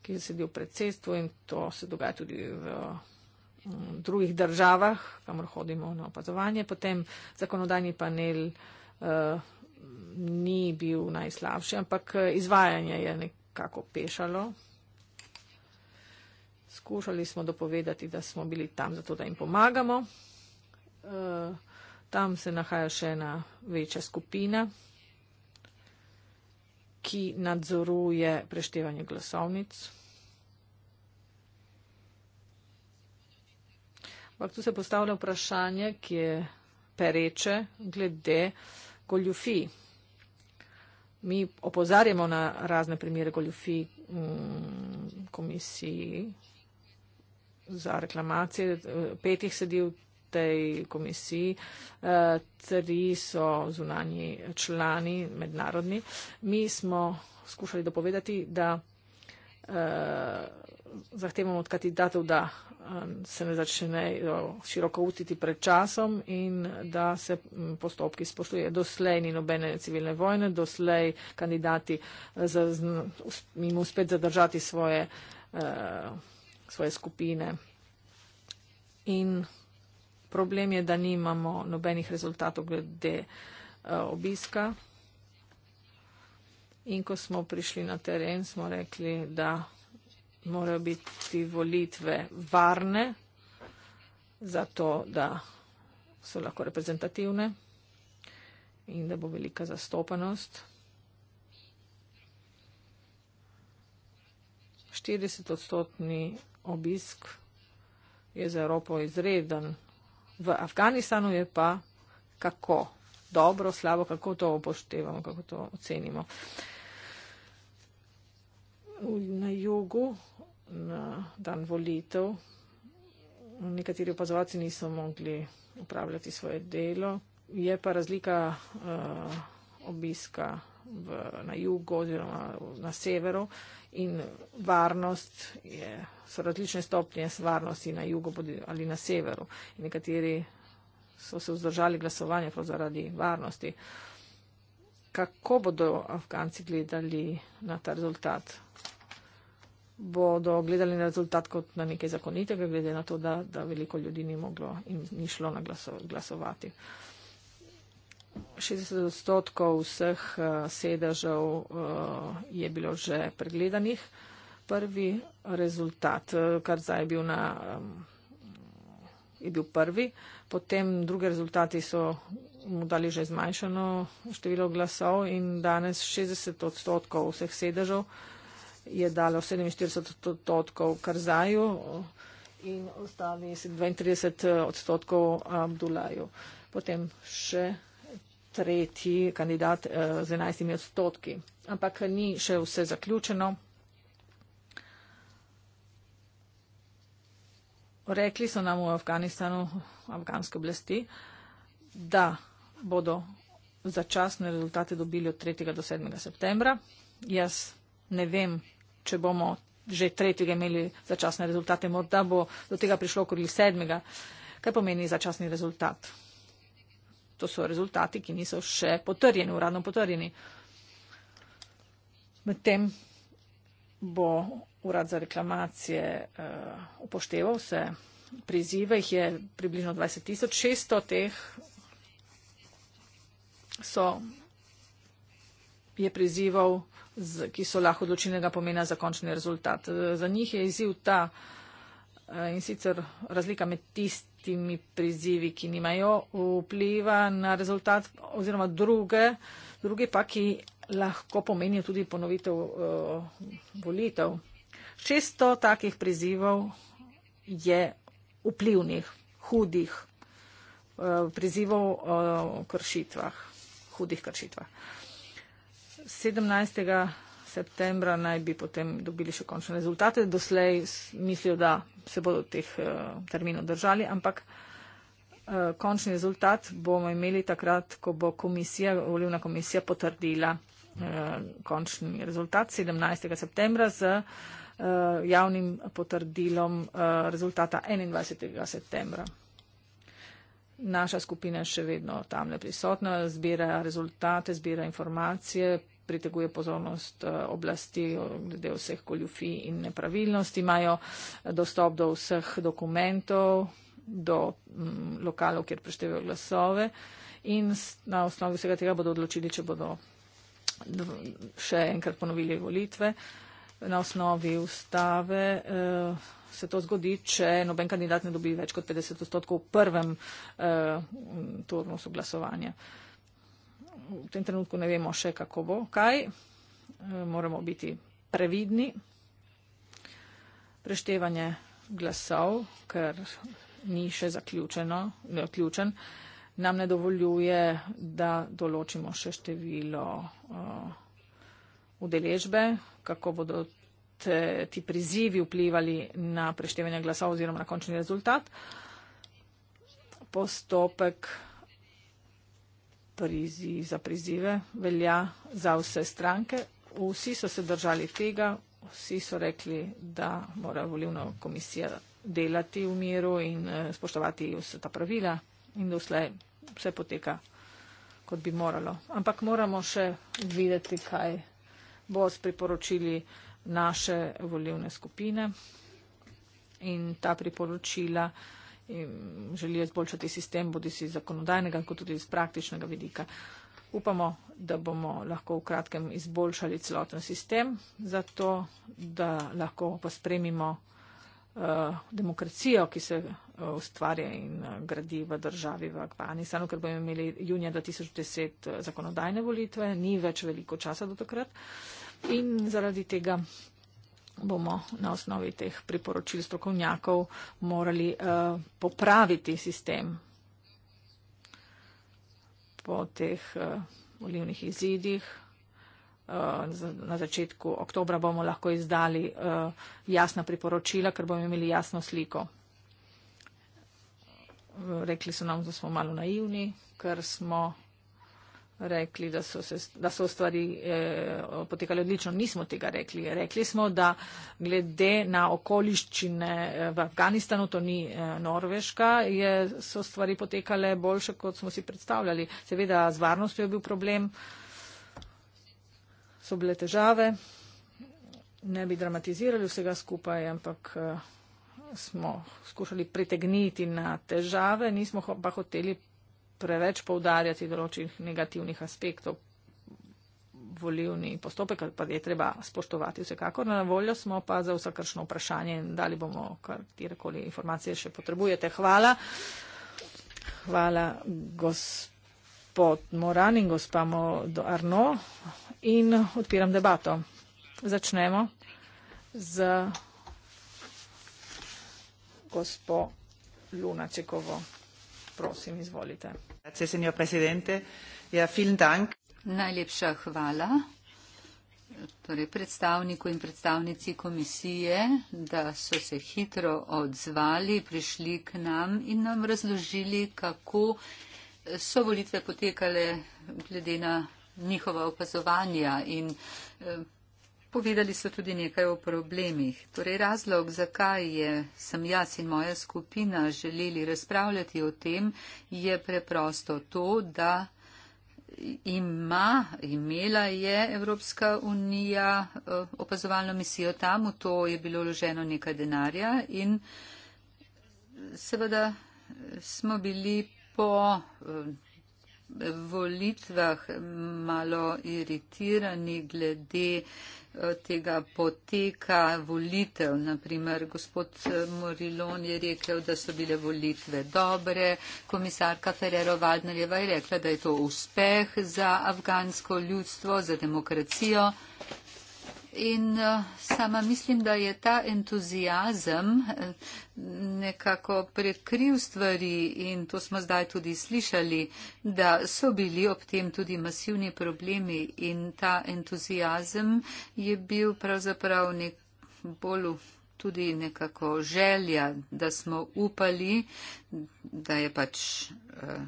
ki so sedeli v predsedstvu in to se dogaja tudi v drugih državah, kamor hodimo na opazovanje. Potem zakonodajni panel uh, ni bil najslabši, ampak eh, izvajanje je nekako pešalo. Skušali smo dopovedati, da smo bili tam zato, da jim pomagamo. Uh, tam se nahaja še ena večja skupina, ki nadzoruje preštevanje glasovnic. Ampak tu se postavlja vprašanje, ki je pereče glede goljufij. Mi opozarjamo na razne primere goljufij mm, komisiji za reklamacije. Petih sedi v tej komisiji, eh, tri so zunanji člani, mednarodni. Mi smo skušali dopovedati, da eh, zahtevamo od kandidatov, da Um, se ne začnejo široko ustiti pred časom in da se postopki spoštuje. Doslej ni nobene civilne vojne, doslej kandidati eh, jim uspet zadržati svoje, eh, svoje skupine. In problem je, da nimamo nobenih rezultatov glede eh, obiska. In ko smo prišli na teren, smo rekli, da morajo biti volitve varne, zato da so lahko reprezentativne in da bo velika zastopanost. 40 odstotni obisk je za Evropo izreden. V Afganistanu je pa kako dobro, slabo, kako to upoštevamo, kako to ocenimo. Uh, na jugu, na dan volitev. Nekateri opazovalci niso mogli upravljati svoje delo. Je pa razlika uh, obiska v, na jugu oziroma na severu in varnost je, so različne stopnje varnosti na jugu ali na severu. In nekateri so se vzdržali glasovanje prav zaradi varnosti. Uh, kako bodo Afganci gledali na ta rezultat? Bodo gledali na rezultat kot na nekaj zakonitega, glede na to, da, da veliko ljudi ni moglo in ni šlo na glaso, glasovati. 60 odstotkov vseh uh, sedežev uh, je bilo že pregledanih. Prvi rezultat, eh, kar zdaj je bil, na, um, je bil prvi, potem druge rezultati so mu dali že zmanjšano število glasov in danes 60 odstotkov vseh sedežev je dalo 47 odstotkov Karzaju in ostali 32 odstotkov Abdulaju. Potem še tretji kandidat eh, z 11 odstotki. Ampak ni še vse zaključeno. Rekli so nam v Afganistanu, afganske oblasti, da bodo začasne rezultate dobili od 3. do 7. septembra. Jaz ne vem, če bomo že 3. imeli začasne rezultate, morda bo do tega prišlo okoli 7. Kaj pomeni začasni rezultat? To so rezultati, ki niso še potrjeni, uradno potrjeni. Medtem bo urad za reklamacije uh, upošteval vse prizive, jih je približno 20 tisoč, 600 teh so, je prizival, ki so lahko odločilnega pomena za končni rezultat. Za njih je izziv ta eh, in sicer razlika med tistimi prizivi, ki nimajo vpliva na rezultat oziroma druge, druge pa, ki lahko pomenijo tudi ponovitev eh, volitev. Šesto takih prizivov je vplivnih, hudih eh, prizivov o kršitvah hudih kršitvah. 17. septembra naj bi potem dobili še končne rezultate. Doslej mislijo, da se bodo teh eh, terminov držali, ampak eh, končni rezultat bomo imeli takrat, ko bo komisija, volivna komisija potrdila eh, končni rezultat 17. septembra z javnim potrdilom rezultata 21. septembra naša skupina je še vedno tam prisotna, zbira rezultate, zbira informacije, priteguje pozornost eh, oblasti glede vseh koljufij in nepravilnosti, imajo eh, dostop do vseh dokumentov, do m, mm, lokalov, kjer preštevajo glasove in na osnovi vsega tega bodo odločili, če bodo še enkrat ponovili volitve. Na osnovi ustave. Uh, se to zgodi, če noben kandidat ne dobi več kot 50 odstotkov v prvem eh, turnusu glasovanja. V tem trenutku ne vemo še, kako bo, kaj. E, moramo biti previdni. Preštevanje glasov, ker ni še zaključen, nam ne dovoljuje, da določimo še število uh, udeležbe, kako bodo te, eh, ti prizivi vplivali na preštevanje glasov oziroma na končni rezultat. Postopek priziv za prizive velja za vse stranke. Vsi so se držali tega, vsi so rekli, da mora volivna komisija delati v miru in eh, spoštovati vse ta pravila in da vse, vse poteka kot bi moralo. Ampak moramo še videti, kaj bo s priporočili uh, naše volivne skupine in ta priporočila želijo izboljšati sistem, bodi si zakonodajnega, kot tudi iz praktičnega vidika. Upamo, da bomo lahko v kratkem izboljšali celoten sistem, zato da lahko pospremimo uh, demokracijo, ki se uh, ustvarja in uh, gradi v državi v Afganistanu, ker bomo imeli junija 2010 zakonodajne volitve, ni več veliko časa do takrat. Uh, in zaradi tega bomo na osnovi teh priporočil strokovnjakov morali uh, popraviti sistem po teh uh, eh, volivnih izidih. Eh, na začetku oktobra bomo lahko izdali jasna priporočila, ker bomo imeli jasno sliko. Rekli so nam, da smo malo naivni, ker smo rekli, da so, se, da so stvari eh, potekale odlično. Nismo tega rekli. Rekli smo, da glede na okoliščine eh, v Afganistanu, to ni eh, Norveška, je, so stvari potekale boljše, kot smo si predstavljali. Seveda z varnostjo je bil problem, so bile težave. Ne bi dramatizirali vsega skupaj, ampak. Eh, smo skušali pritegniti na težave, nismo pa hoteli preveč poudarjati določenih negativnih aspektov volivni postopek, pa je treba spoštovati vsekakor. Na voljo smo pa za vsakršno vprašanje in dali bomo kakrkoli informacije še potrebujete. Hvala. Hvala gospod Moran in gospa Modo Arno in odpiram debato. Začnemo z gospo Lunačekovo. Prosim, izvolite. Ja, Najlepša hvala torej predstavniku in predstavnici komisije, da so se hitro odzvali, prišli k nam in nam razložili, kako so volitve potekale glede na njihova opazovanja in eh, Povedali so tudi nekaj o problemih. Torej razlog, zakaj je, sem jaz in moja skupina želeli razpravljati o tem, je preprosto to, da ima, imela je Evropska unija eh, opazovalno misijo tam, v to je bilo vloženo nekaj denarja in eh, seveda smo bili po eh, volitvah malo iritirani glede tega poteka volitev. Naprimer, gospod Morilon je rekel, da so bile volitve dobre. Komisarka Ferrero-Vadnerjeva je rekla, da je to uspeh za afgansko ljudstvo, za demokracijo. In eh, sama mislim, da je ta entuzijazem eh, nekako prekril stvari in to smo zdaj tudi slišali, da so bili ob tem tudi masivni problemi in ta entuzijazem je bil pravzaprav nek bolj tudi nekako želja, da smo upali, da je pač. Eh,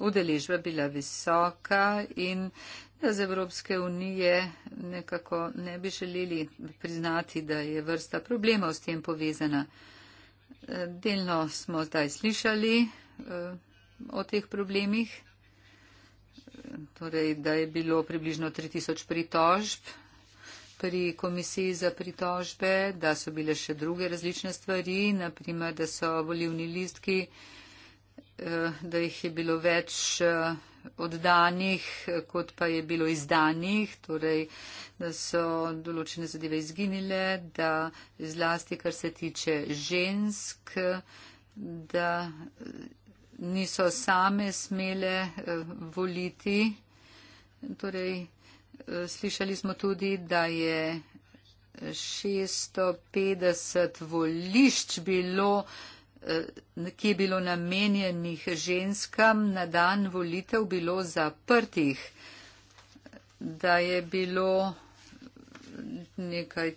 udeležba bila visoka in Z Evropske unije nekako ne bi želeli priznati, da je vrsta problemov s tem povezana. E, delno smo zdaj slišali e, o teh problemih, e, torej, da je bilo približno 3000 pritožb pri komisiji za pritožbe, da so bile še druge različne stvari, naprimer, da so volivni listki, da jih je bilo več oddanih, kot pa je bilo izdanih, torej, da so določene zadeve izginile, da zlasti, kar se tiče žensk, da niso same smele eh, voliti. Torej, eh, slišali smo tudi, da je 650 volišč bilo Eh, ki je bilo namenjenih ženskam na dan volitev, bilo zaprtih, da je bilo nekaj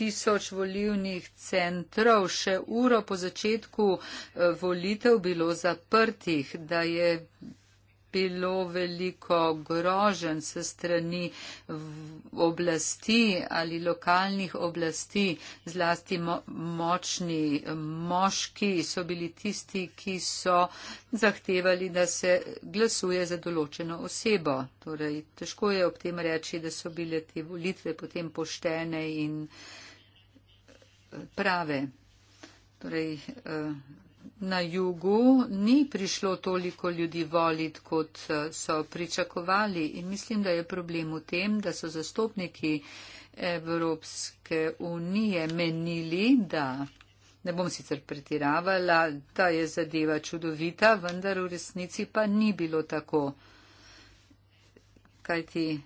tisoč volivnih centrov, še uro po začetku eh, volitev bilo zaprtih, da je bilo veliko grožen se strani oblasti ali lokalnih oblasti, zlasti močni moški so bili tisti, ki so zahtevali, da se glasuje za določeno osebo. Torej, težko je ob tem reči, da so bile te volitve potem poštene in eh, prave. Torej, eh, na jugu ni prišlo toliko ljudi volit, kot eh, so pričakovali. In mislim, da je problem v tem, da so zastopniki Evropske unije menili, da. Ne bom sicer pretiravala, da je zadeva čudovita, vendar v resnici pa ni bilo tako. Kajti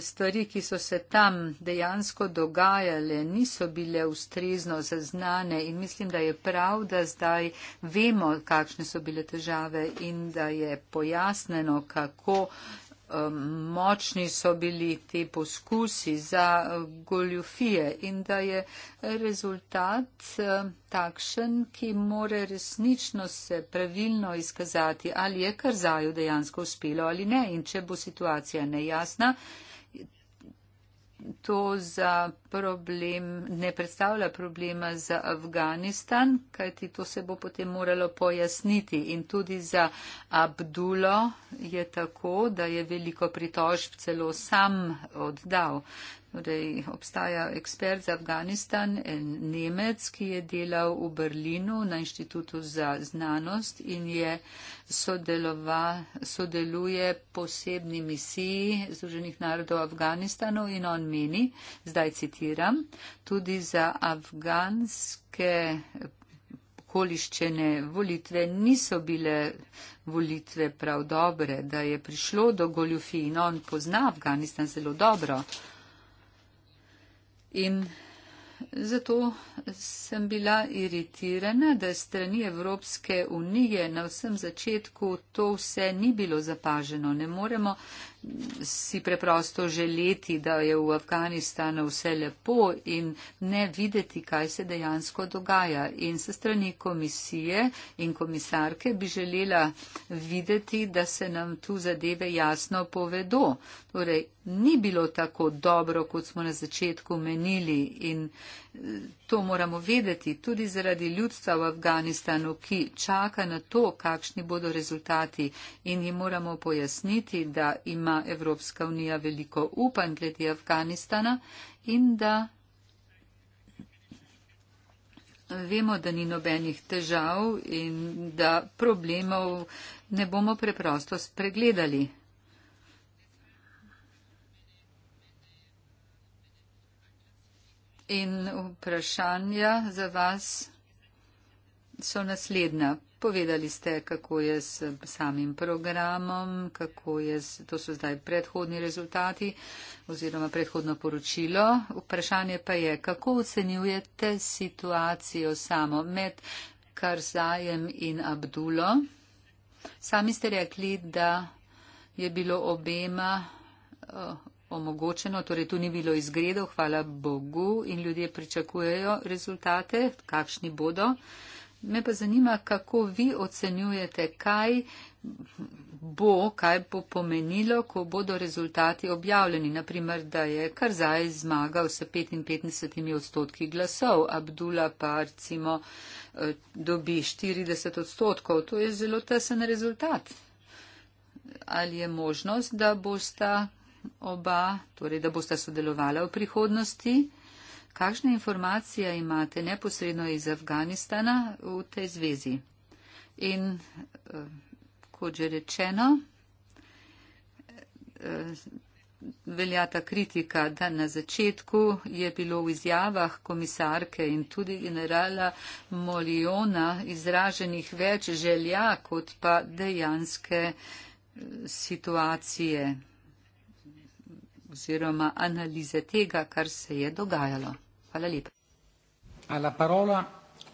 stvari, ki so se tam dejansko dogajale, niso bile ustrezno zaznane in mislim, da je prav, da zdaj vemo, kakšne so bile težave in da je pojasneno, kako um, močni so bili te poskusi za uh, goljufije in da je rezultat um, takšen, ki more resnično se pravilno izkazati, ali je Karzaju dejansko uspelo ali ne. In če bo situacija nejasna, to za problem, ne predstavlja problema za Afganistan, kajti to se bo potem moralo pojasniti. In tudi za Abdulo je tako, da je veliko pritožb celo sam oddal. Torej, obstaja ekspert za Afganistan, en Nemec, ki je delal v Berlinu na inštitutu za znanost in je sodelova, sodeluje posebni misiji Združenih narodov Afganistanu in on meni, zdaj citi citiram, tudi za afganske okoliščene volitve niso bile volitve prav dobre, da je prišlo do goljufij in on pozna Afganistan zelo dobro. In zato sem bila iritirana, da strani Evropske unije na vsem začetku to vse ni bilo zapaženo. Ne moremo si preprosto želeti, da je v Afganistanu vse lepo in ne videti, kaj se dejansko dogaja. In se strani komisije in komisarke bi želela videti, da se nam tu zadeve jasno povedo. Torej, ni bilo tako dobro, kot smo na začetku menili in eh, to moramo vedeti tudi zaradi ljudstva v Afganistanu, ki čaka na to, kakšni bodo rezultati in jim moramo pojasniti, da ima Evropska unija veliko upanj glede Afganistana in da vemo, da ni nobenih težav in da problemov ne bomo preprosto spregledali. In vprašanja za vas so naslednja. Povedali ste, kako je s samim programom, kako je, s, to so zdaj predhodni rezultati oziroma predhodno poročilo. Vprašanje pa je, kako ocenjujete situacijo samo med Karzajem in Abdulo? Sami ste rekli, da je bilo obema eh, omogočeno, torej tu ni bilo izgredov, hvala Bogu in ljudje pričakujejo rezultate, kakšni bodo. Me pa zanima, kako vi ocenjujete, kaj bo, kaj bo pomenilo, ko bodo rezultati objavljeni. Naprimer, da je Karzaj zmagal s 55 odstotki glasov, Abdula pa recimo eh, dobi 40 odstotkov. To je zelo tesen rezultat. Ali je možnost, da bosta oba, torej da boste sodelovala v prihodnosti. Kakšne informacije imate neposredno iz Afganistana v tej zvezi? In eh, kot že rečeno, eh, veljata kritika, da na začetku je bilo v izjavah komisarke in tudi generala Moliona izraženih več želja kot pa dejanske eh, situacije oziroma analize tega, kar se je dogajalo. Hvala lepa. Alla parola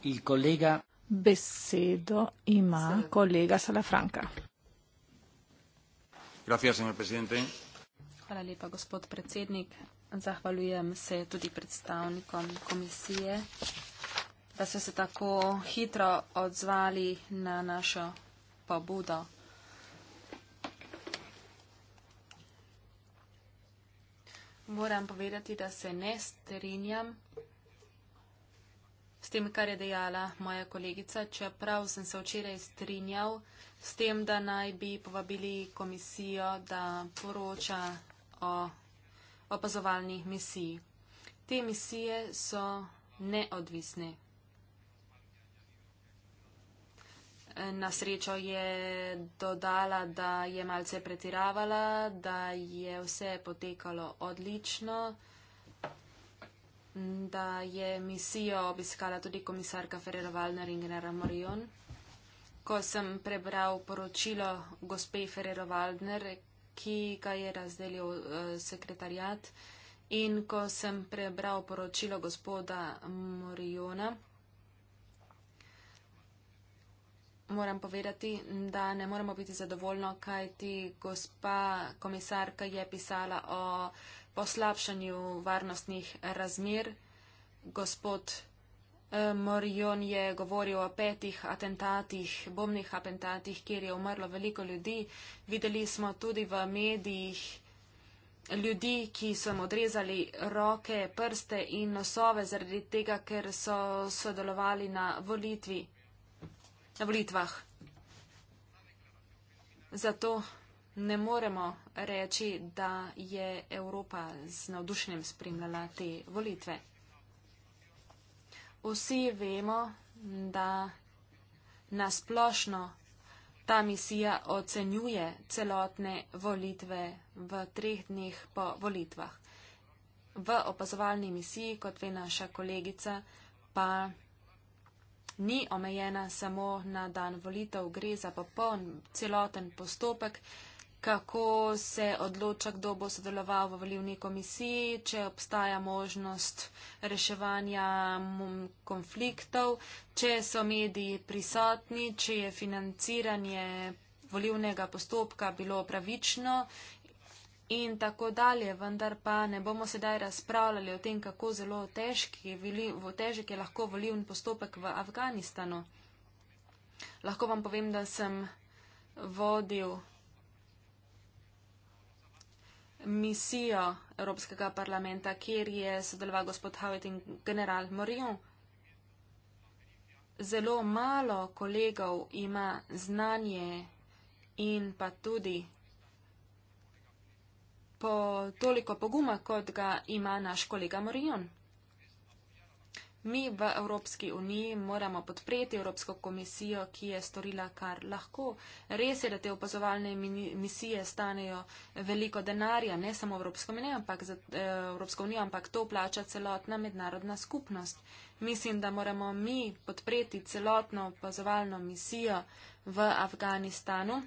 il kolega. Besedo ima kolega Salafranka. Grazie, signor Presidente. Hvala lepa, gospod predsednik. Zahvaljujem se tudi predstavnikom komisije, da so se tako hitro odzvali na našo pobudo. moram povedati, da se ne strinjam s tem, kar je dejala moja kolegica, čeprav sem se včeraj strinjal s tem, da naj bi povabili komisijo, da poroča o opazovalnih misiji. Te misije so neodvisne. Na srečo je dodala, da je malce pretiravala, da je vse potekalo odlično, da je misijo obiskala tudi komisarka Ferrero Valner in general Morion. Ko sem prebral poročilo gospe Ferrero Valner, ki ga je razdelil eh, sekretarjat, in ko sem prebral poročilo gospoda Moriona, moram povedati, da ne moramo biti zadovoljno, kaj ti gospa komisarka je pisala o poslabšanju varnostnih razmer. Gospod eh, Morion je govoril o petih atentatih, bombnih atentatih, kjer je umrlo veliko ljudi. Videli smo tudi v medijih ljudi, ki so jim odrezali roke, prste in nosove zaradi tega, ker so sodelovali na volitvi volitvah. Zato ne moremo reči, da je Evropa z navdušenjem spremljala te volitve. Vsi vemo, da nasplošno ta misija ocenjuje celotne volitve v treh dneh po volitvah. V opazovalni misiji, kot ve naša kolegica, pa ni omejena samo na dan volitev, gre za popoln celoten postopek, kako se odloča, kdo bo sodeloval v volivni komisiji, če obstaja možnost reševanja mm, konfliktov, če so mediji prisotni, če je financiranje volivnega postopka bilo pravično in tako dalje, vendar pa ne bomo sedaj razpravljali o tem, kako zelo težki je, težek je lahko volivni postopek v Afganistanu. Lahko vam povem, da sem vodil misijo Evropskega parlamenta, kjer je sodeloval gospod Havet in general Morion. Zelo malo kolegov ima znanje in pa tudi po toliko poguma, kot ga ima naš kolega Morion. Mi v Evropski uniji moramo podpreti Evropsko komisijo, ki je storila kar lahko. Res je, da te opazovalne misije stanejo veliko denarja, ne samo Evropsko, ne, ampak za, eh, Evropsko unijo, ampak to plača celotna mednarodna skupnost. Mislim, da moramo mi podpreti celotno opazovalno misijo v Afganistanu,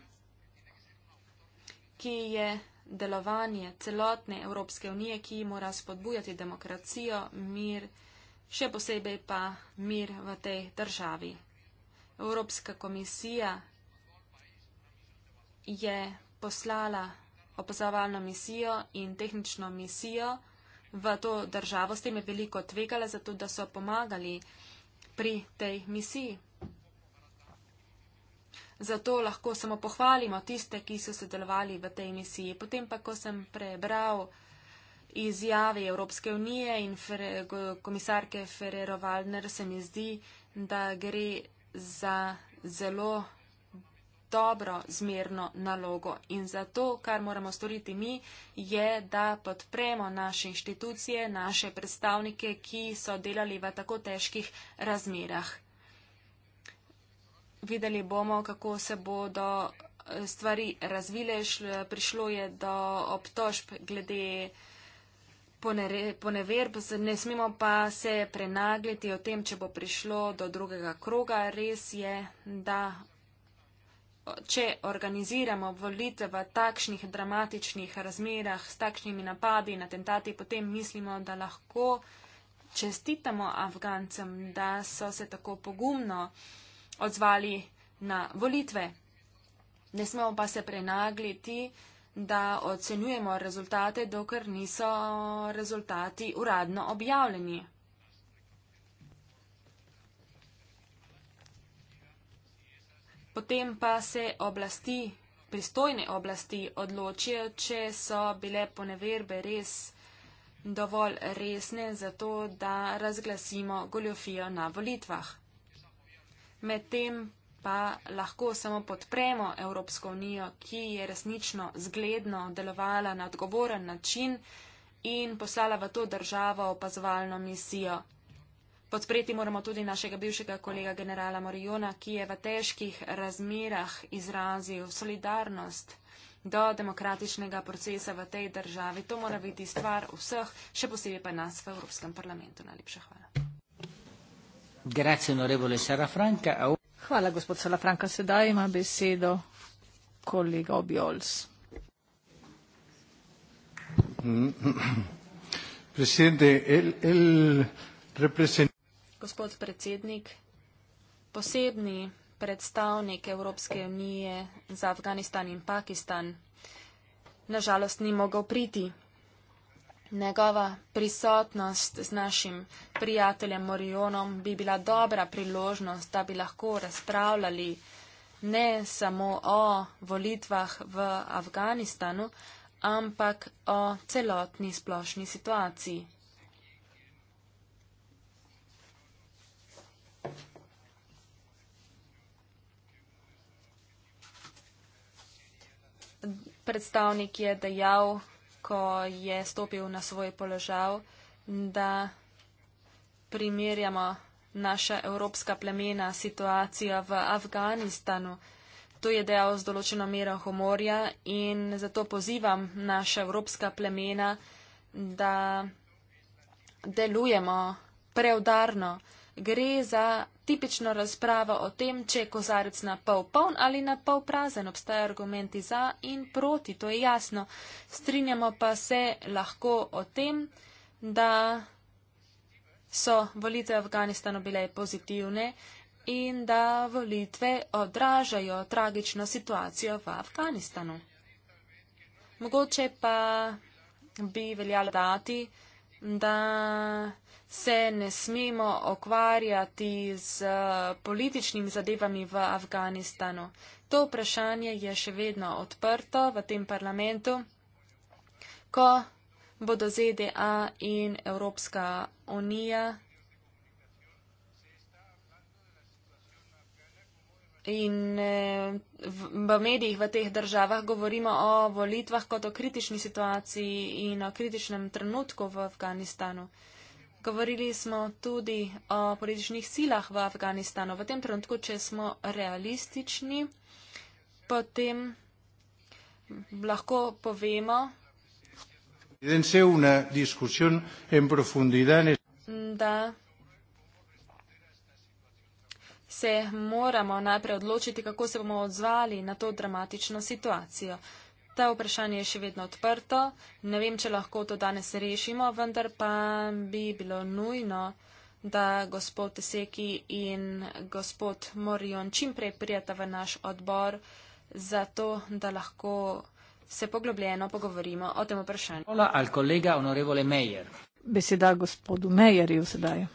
ki je delovanje celotne Evropske unije, ki mora spodbujati demokracijo, mir, še posebej pa mir v tej državi. Evropska komisija je poslala opazovalno misijo in tehnično misijo v to državo, s tem je veliko tvegala, zato da so pomagali pri tej misiji zato lahko samo pohvalimo tiste, ki so sodelovali v tej misiji. Potem pa, ko sem prebral izjave Evropske unije in fere, komisarke Ferrero Waldner, se mi zdi, da gre za zelo dobro zmerno nalogo. In zato, kar moramo storiti mi, je, da podpremo naše inštitucije, naše predstavnike, ki so delali v tako težkih razmerah videli bomo, kako se bodo eh, stvari razvile. Prišlo je do obtožb glede poneverb, ne smemo pa se prenagliti o tem, če bo prišlo do drugega kroga. Res je, da eh, če organiziramo volitve v takšnih dramatičnih razmerah s takšnimi napadi in atentati, potem mislimo, da lahko čestitamo Afgancem, da so se tako pogumno uh, odzvali na volitve. Ne smemo pa se prenagliti, da ocenjujemo rezultate, dokler niso rezultati uradno objavljeni. Potem pa se oblasti, pristojne oblasti odločijo, če so bile poneverbe res dovolj resne za to, da razglasimo goljofijo na volitvah medtem pa lahko samo podpremo Evropsko unijo, ki je resnično zgledno delovala na odgovoren način in poslala v to državo opazovalno misijo. Podpreti moramo tudi našega bivšega kolega generala Moriona, ki je v težkih razmerah izrazil solidarnost do demokratičnega procesa v tej državi. To mora biti stvar vseh, še posebej pa nas v Evropskem parlamentu. Najlepša hvala. Grazie, onorevole Sara Franca. Hvala, gospod Sara Franca. Sedaj ima besedo kolega Obiols. Mm. Gospod predsednik, posebni predstavnik Evropske unije za Afganistan in Pakistan nažalost ni mogel priti Njegova prisotnost z našim prijateljem Morionom bi bila dobra priložnost, da bi lahko razpravljali ne samo o volitvah v Afganistanu, ampak o celotni splošni situaciji. Predstavnik je dejal, ko je stopil na svoj položaj, da primerjamo naša evropska plemena situacijo v Afganistanu. To je dejal z določeno mero humorja in zato pozivam naša evropska plemena, da delujemo preudarno. Gre za tipična razprava o tem, če je kozarec na pol poln ali na pol prazen, obstajajo argumenti za in proti, to je jasno. Strinjamo pa se lahko o tem, da so volitve v Afganistanu bile pozitivne in da volitve odražajo tragično situacijo v Afganistanu. Mogoče pa bi veljalo dati, da se ne smemo okvarjati z eh, političnimi zadevami v Afganistanu. To vprašanje je še vedno odprto v tem parlamentu, ko bodo ZDA in Evropska unija in eh, v medijih v teh državah govorimo o volitvah kot o kritični situaciji in o kritičnem trenutku v Afganistanu. Govorili smo tudi o političnih silah v Afganistanu. V tem trenutku, če smo realistični, potem lahko povemo, da se moramo najprej odločiti, kako se bomo odzvali na to dramatično situacijo. Ta vprašanje je še vedno odprto. Ne vem, če lahko to danes rešimo, vendar pa bi bilo nujno, da gospod Seki in gospod Morion čimprej prijeta v naš odbor, zato da lahko se poglobljeno pogovorimo o tem vprašanju. Hvala al kolega Honorevole Meyer. Beseda gospodu Meyerju sedaj.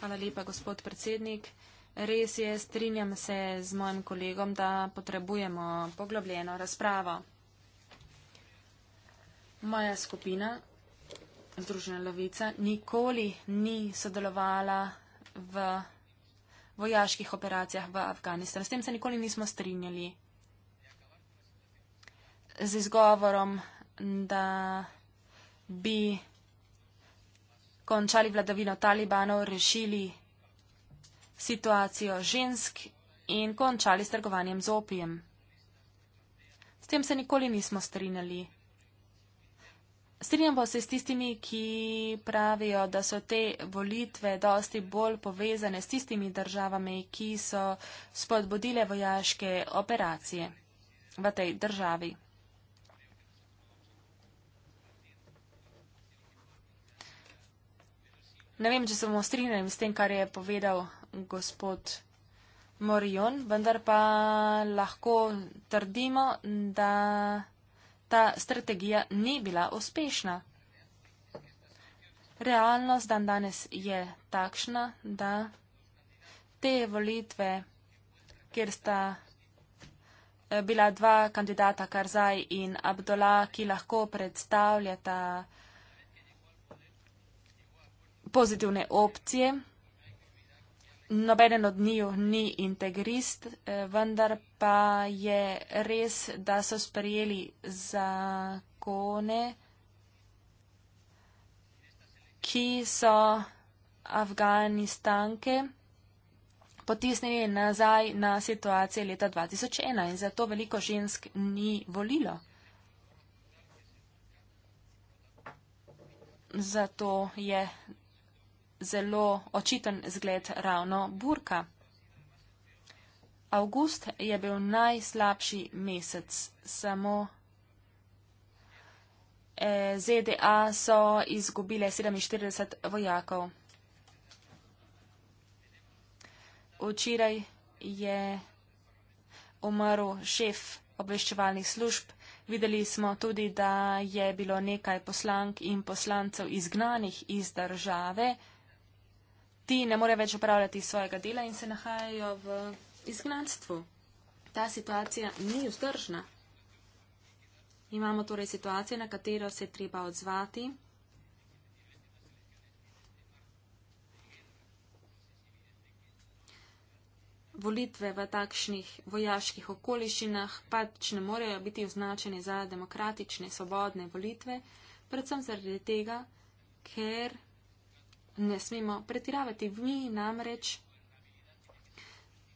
Hvala lepa, gospod predsednik. Res je, strinjam se z mojim kolegom, da potrebujemo poglobljeno razpravo. Moja skupina, Združena lovica, nikoli ni sodelovala v vojaških operacijah v Afganistanu. S tem se nikoli nismo strinjali. Z izgovorom, da bi končali vladavino talibanov, rešili situacijo žensk in končali s trgovanjem z opijem. S tem se nikoli nismo strinjali. Strinjamo se s tistimi, ki pravijo, da so te volitve dosti bolj povezane s tistimi državami, ki so spodbudile vojaške operacije v tej državi. Ne vem, če se bomo strinjali s tem, kar je povedal gospod Morion, vendar pa lahko trdimo, da ta strategija ni bila uspešna. Realnost dan danes je takšna, da te volitve, kjer sta eh, bila dva kandidata Karzaj in Abdola, ki lahko predstavljata pozitivne opcije, Nobeden od njiju ni integrist, eh, vendar pa je res, da so sprejeli zakone, ki so Afganistanke potisnili nazaj na situacijo leta 2001 in zato veliko žensk ni volilo. Zato je zelo očiten zgled ravno burka. August je bil najslabši mesec, samo eh, ZDA so izgubile 47 vojakov. Včeraj je umrl šef obveščevalnih služb. Videli smo tudi, da je bilo nekaj poslank in poslancev izgnanih iz države ti ne more več opravljati svojega dela in se nahajajo v izgnanstvu. Ta situacija ni vzdržna. Imamo torej situacijo, na katero se treba odzvati. Volitve v takšnih vojaških okoliščinah pač ne morejo biti označene za demokratične, svobodne volitve, predvsem zaradi tega, ker ne smemo pretiravati. Mi namreč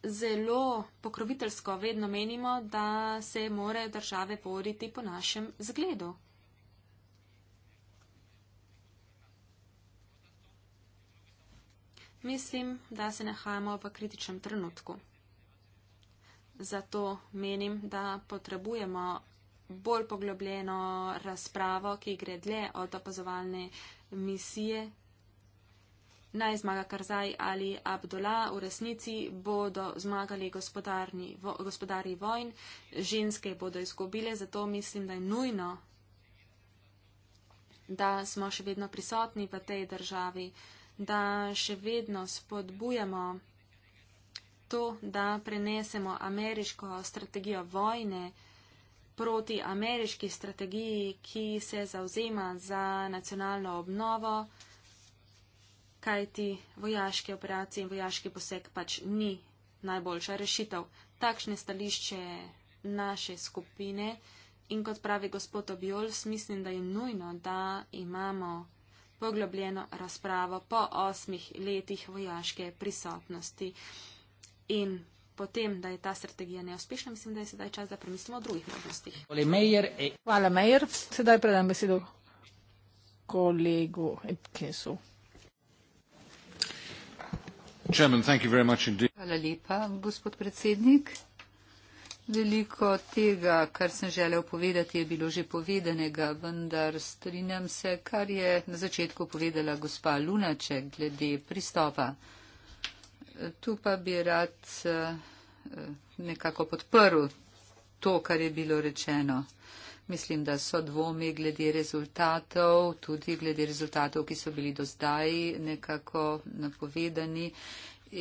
zelo pokroviteljsko vedno menimo, da se morajo države voditi po našem zgledu. Mislim, da se nahajamo v kritičnem trenutku. Zato menim, da potrebujemo bolj poglobljeno razpravo, ki gre dlje od opazovalne misije Naj zmaga Karzaj ali Abdola, v resnici bodo zmagali vo, gospodari vojn, ženske bodo izgubile, zato mislim, da je nujno, da smo še vedno prisotni v tej državi, da še vedno spodbujamo to, da prenesemo ameriško strategijo vojne proti ameriški strategiji, ki se zauzema za nacionalno obnovo kajti vojaške operacije in vojaški poseg pač ni najboljša rešitev. Takšne stališče naše skupine in kot pravi gospod Objols, mislim, da je nujno, da imamo poglobljeno razpravo po osmih letih vojaške prisotnosti in potem, da je ta strategija neuspešna, mislim, da je sedaj čas, da premislimo o drugih možnostih. E- Hvala, Mejer. Sedaj predam besedo kolegu Epkesu. Hvala lepa, gospod predsednik. Veliko tega, kar sem želel povedati, je bilo že povedanega, vendar strinjam se, kar je na začetku povedala gospa Lunaček glede pristopa. Tu pa bi rad eh, nekako podprl to, kar je bilo rečeno. Mislim, da so dvomi glede rezultatov, tudi glede rezultatov, ki so bili do zdaj nekako napovedani.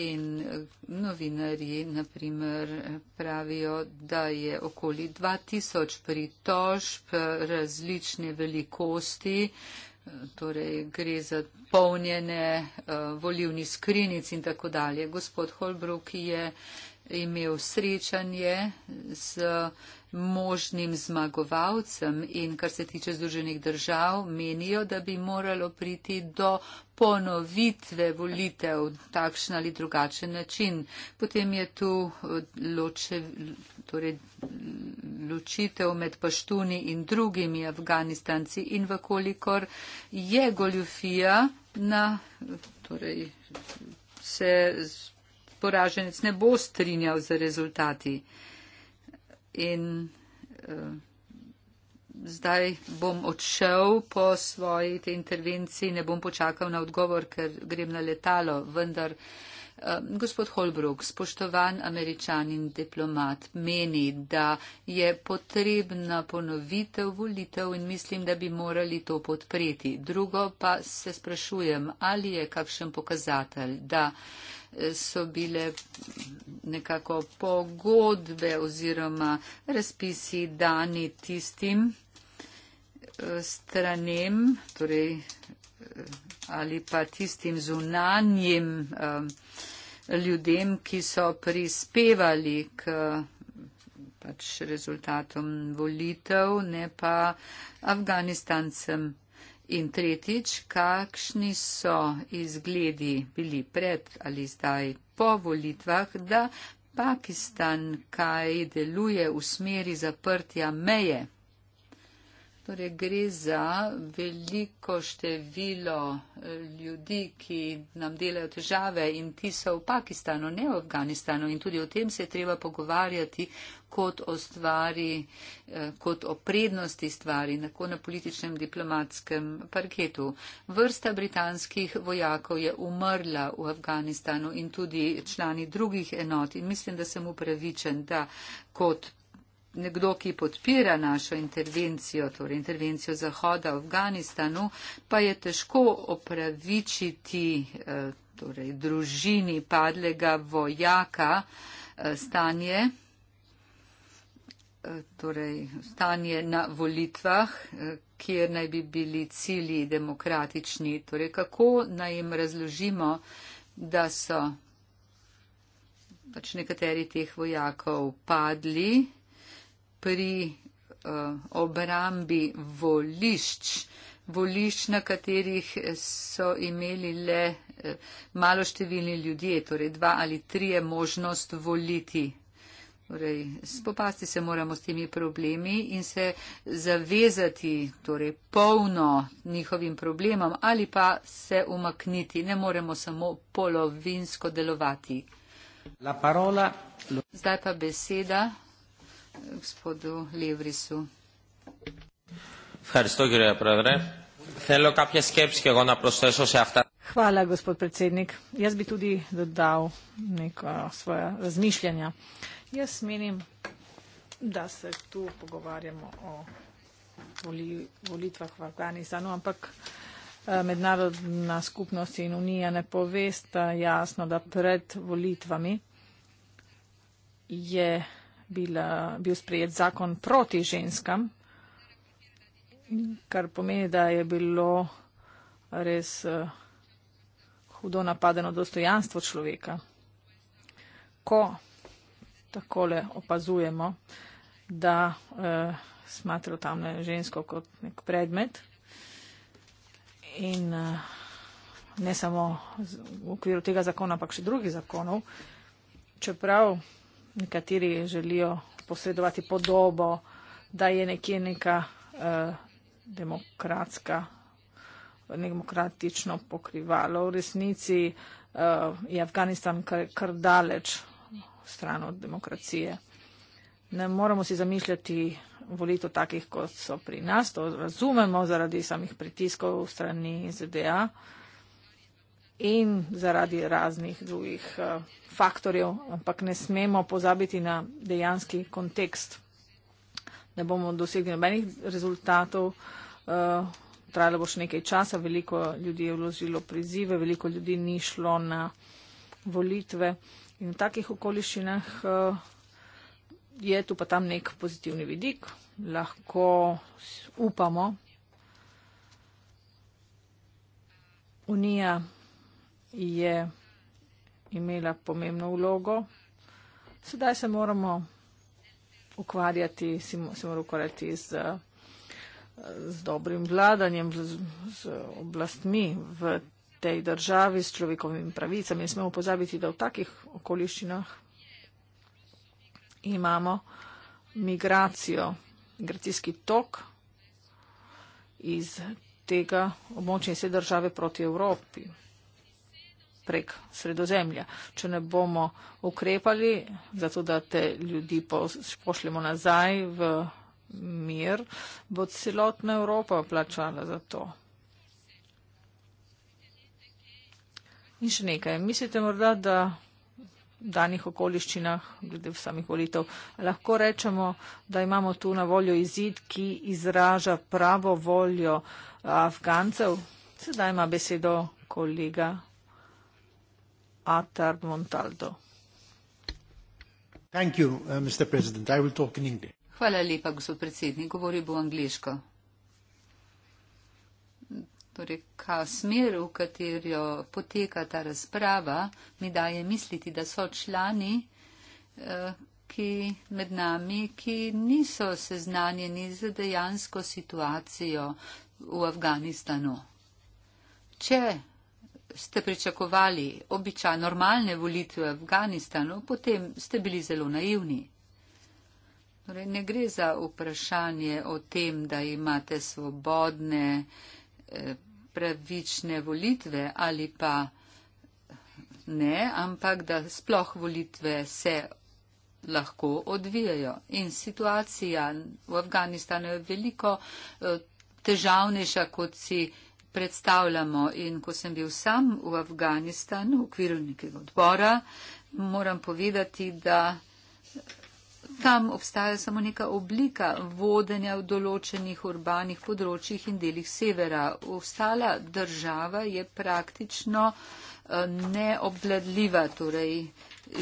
In eh, novinarji, naprimer, pravijo, da je okoli 2000 pritožb eh, različne velikosti, eh, torej gre za polnjene volivni skrinic in tako dalje. Gospod Holbrook je imel srečanje z možnim zmagovalcem in kar se tiče Združenih držav, menijo, da bi moralo priti do ponovitve volitev takšen ali drugačen način. Potem je tu eh, loče, torej, ločitev med paštuni in drugimi Afganistanci in vkolikor je goljufija na. Torej, se poraženec ne bo strinjal z rezultati in uh, zdaj bom odšel po svoji intervenciji, ne bom počakal na odgovor, ker grem na letalo, vendar uh, Gospod Holbrook, spoštovan američan in diplomat, meni, da je potrebna ponovitev volitev in mislim, da bi morali to podpreti. Drugo pa se sprašujem, ali je kakšen pokazatelj, da e, so bile nekako pogodbe oziroma razpisi dani tistim e, stranem, torej e, ali pa tistim zunanjim um, ljudem, ki so prispevali k pač rezultatom volitev, ne pa Afganistancem. In tretjič, kakšni so izgledi bili pred ali zdaj po volitvah, da Pakistan kaj deluje v smeri zaprtja meje. Torej, gre za veliko število eh, ljudi, ki nam delajo težave in ti so v Pakistanu, ne v Afganistanu in tudi o tem se je treba pogovarjati kot o stvari, eh, kot o prednosti stvari, tako na političnem diplomatskem parketu. Vrsta britanskih vojakov je umrla v Afganistanu in tudi člani drugih enot in mislim, da sem upravičen, da kot nekdo, ki podpira našo intervencijo, torej intervencijo Zahoda v Afganistanu, pa je težko opravičiti eh, torej, družini padlega vojaka eh, stanje, eh, torej, stanje na volitvah, kjer naj bi bili cilji demokratični. Torej, kako naj jim razložimo, da so pač nekateri teh vojakov padli pri uh, obrambi volišč, volišč, na katerih so imeli le uh, eh, malo številni ljudje, torej dva ali tri je možnost voliti. Torej, spopasti se moramo s temi problemi in se zavezati torej, polno njihovim problemom ali pa se umakniti. Ne moremo samo polovinsko delovati. La parola, lo... Zdaj pa beseda gospodu Levrisu. Hvala, gospod predsednik. Jaz bi tudi dodal neko svoje razmišljanja. Jaz menim, da se tu pogovarjamo o volitvah v Afganistanu, ampak eh, mednarodna skupnost in unija ne povesta jasno, da pred volitvami je bila, bil sprejet zakon proti ženskam, kar pomeni, da je bilo res eh, hudo napadeno dostojanstvo človeka. Ko takole opazujemo, da eh, smatra tam žensko kot nek predmet in eh, ne samo v okviru tega zakona, ampak še drugih zakonov, čeprav nekateri želijo posredovati podobo, da je nekje neka eh, demokratska, demokratično pokrivalo. V resnici eh, je Afganistan kar, kar daleč stran od demokracije. Ne moramo si zamišljati volitev takih, kot so pri nas, to razumemo zaradi samih pritiskov strani ZDA. Eh, in zaradi raznih drugih eh, faktorjev, ampak ne smemo pozabiti na dejanski kontekst. Ne bomo dosegli nobenih rezultatov, eh, trajalo bo še nekaj časa, veliko ljudi je vložilo prizive, veliko ljudi ni šlo na volitve in v takih okoliščinah eh, je tu pa tam nek pozitivni vidik, lahko upamo. Unija je imela pomembno vlogo. Sedaj se moramo ukvarjati, se moramo ukvarjati z, z dobrim vladanjem, z, z oblastmi v tej državi, s človekovimi pravicami. Ne smemo pozabiti, da v takih okoliščinah imamo migracijo, migracijski tok iz tega območja in vse države proti Evropi prek sredozemlja. Če ne bomo ukrepali, zato da te ljudi pošljemo nazaj v mir, bo celotna Evropa plačala za to. In še nekaj. Mislite morda, da v danih okoliščinah, glede v samih volitev, lahko rečemo, da imamo tu na voljo izid, ki izraža pravo voljo Afgancev. Sedaj ima besedo kolega Atar Montaldo. Thank you, uh, Mr. President. I will talk in English. Hvala lepa, gospod predsednik. Govoril bo angliško. Torej, ka smer, v katero poteka ta razprava, mi daje misliti, da so člani eh, ki, med nami, ki niso seznanjeni z dejansko situacijo v Afganistanu. Če ste pričakovali običaj normalne volitve v Afganistanu, potem ste bili zelo naivni. Torej, ne gre za vprašanje o tem, da imate svobodne, eh, pravične volitve ali pa ne, ampak da sploh volitve se lahko odvijajo. In situacija v Afganistanu je veliko eh, težavnejša, kot si predstavljamo. In ko sem bil sam v Afganistanu v okviru nekega odbora, moram povedati, da tam obstaja samo neka oblika vodenja v določenih urbanih področjih in delih severa. Ostala država je praktično eh, neobladljiva, torej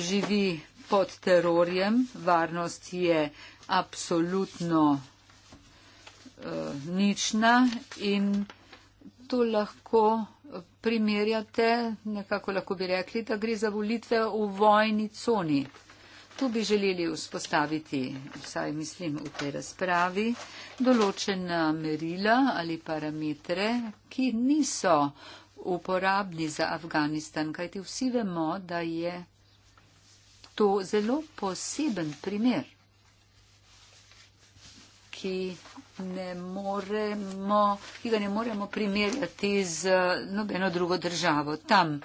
živi pod terorjem, varnost je absolutno uh, nična in uh, tu lahko primerjate, nekako lahko bi rekli, da gre za volitve v vojni coni. Tu bi želeli vzpostaviti, vsaj mislim v tej razpravi, določena merila ali parametre, ki niso uporabni za Afganistan, kajti vsi vemo, da je to zelo poseben primer, ki ne moremo, ki ga ne moremo primerjati z nobeno drugo državo. Tam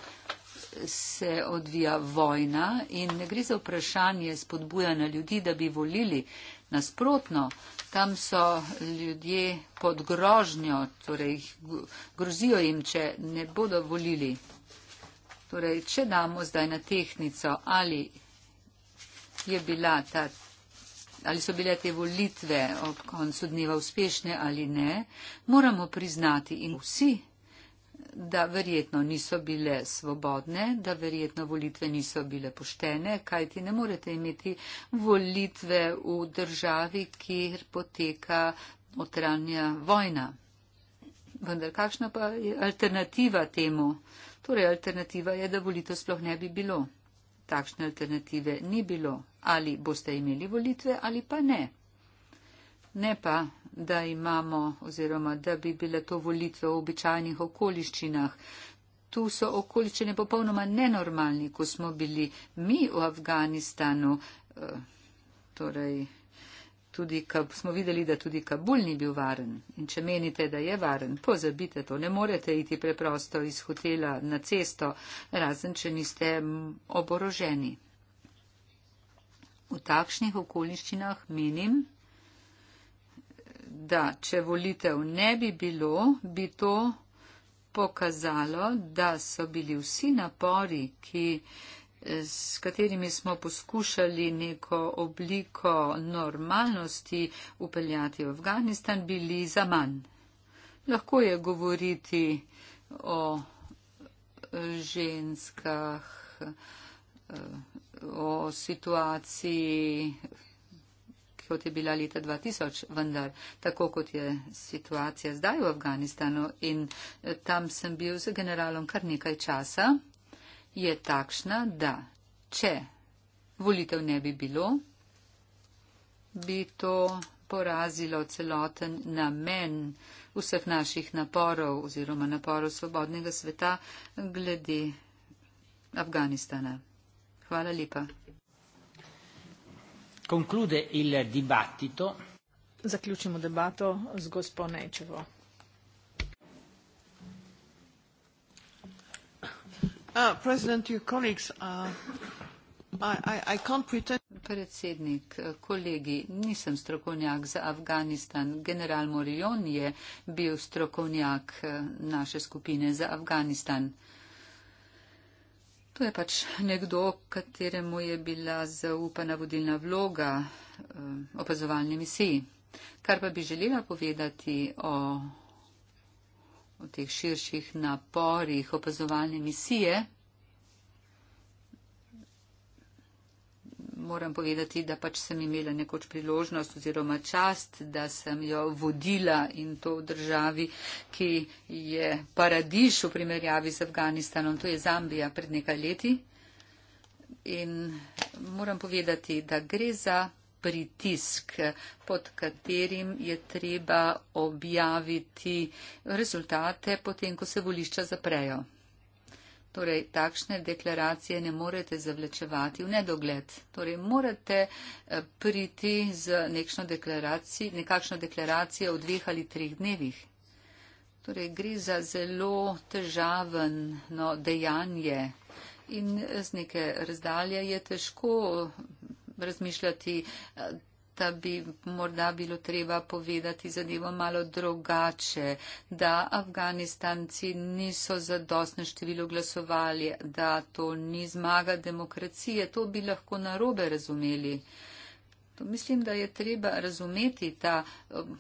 se odvija vojna in ne gre za vprašanje spodbujanja ljudi, da bi volili. Nasprotno, tam so ljudje pod grožnjo, torej grozijo jim, če ne bodo volili. Torej, če damo zdaj na tehnico, ali je bila ta ali so bile te volitve ob koncu dneva uspešne ali ne, moramo priznati in vsi, da verjetno niso bile svobodne, da verjetno volitve niso bile poštene, kajti ne morete imeti volitve v državi, kjer poteka notranja vojna. Vendar kakšna pa je alternativa temu? Torej, alternativa je, da volitev sploh ne bi bilo. Takšne alternative ni bilo ali boste imeli volitve ali pa ne. Ne pa, da imamo oziroma da bi bile to volitve v običajnih okoliščinah. Tu so okoliščine popolnoma nenormalni, ko smo bili mi v Afganistanu, eh, torej tudi, smo videli, da tudi Kabul ni bil varen. In če menite, da je varen, pozabite to, ne morete iti preprosto iz hotela na cesto, razen če niste oboroženi v takšnih okoliščinah menim, da če volitev ne bi bilo, bi to pokazalo, da so bili vsi napori, ki, eh, s katerimi smo poskušali neko obliko normalnosti upeljati v Afganistan, bili za manj. Lahko je govoriti o ženskah, o situaciji, kot je bila leta 2000, vendar tako kot je situacija zdaj v Afganistanu in eh, tam sem bil z generalom kar nekaj časa, je takšna, da če volitev ne bi bilo, bi to porazilo celoten namen vseh naših naporov oziroma naporov svobodnega sveta glede Afganistana. Hvala lepa. Conclude il dibattito. Zaključimo debato z gospod Nečevo. Uh, uh, Predsednik, kolegi, nisem strokovnjak za Afganistan. General Morion je bil strokovnjak uh, naše skupine za Afganistan. To je pač nekdo, kateremu je bila zaupana vodilna vloga um, opazovalne misiji. Kar pa bi želela povedati o, o teh širših naporih opazovalne misije, moram povedati, da pač sem imela nekoč priložnost oziroma čast, da sem jo vodila in to v državi, ki je paradiš v primerjavi z Afganistanom, to je Zambija pred nekaj leti. In moram povedati, da gre za pritisk, pod katerim je treba objaviti rezultate, potem ko se volišča zaprejo. Torej, takšne deklaracije ne morete zavlečevati v nedogled. Torej, morate eh, priti z deklaracij, nekakšno deklaracijo v dveh ali treh dnevih. Torej, gre za zelo težaven no, dejanje in z neke razdalje je težko razmišljati, eh, da bi morda bilo treba povedati zadevo malo drugače, da Afganistanci niso za dosne število glasovali, da to ni zmaga demokracije. To bi lahko narobe razumeli. To mislim, da je treba razumeti ta um,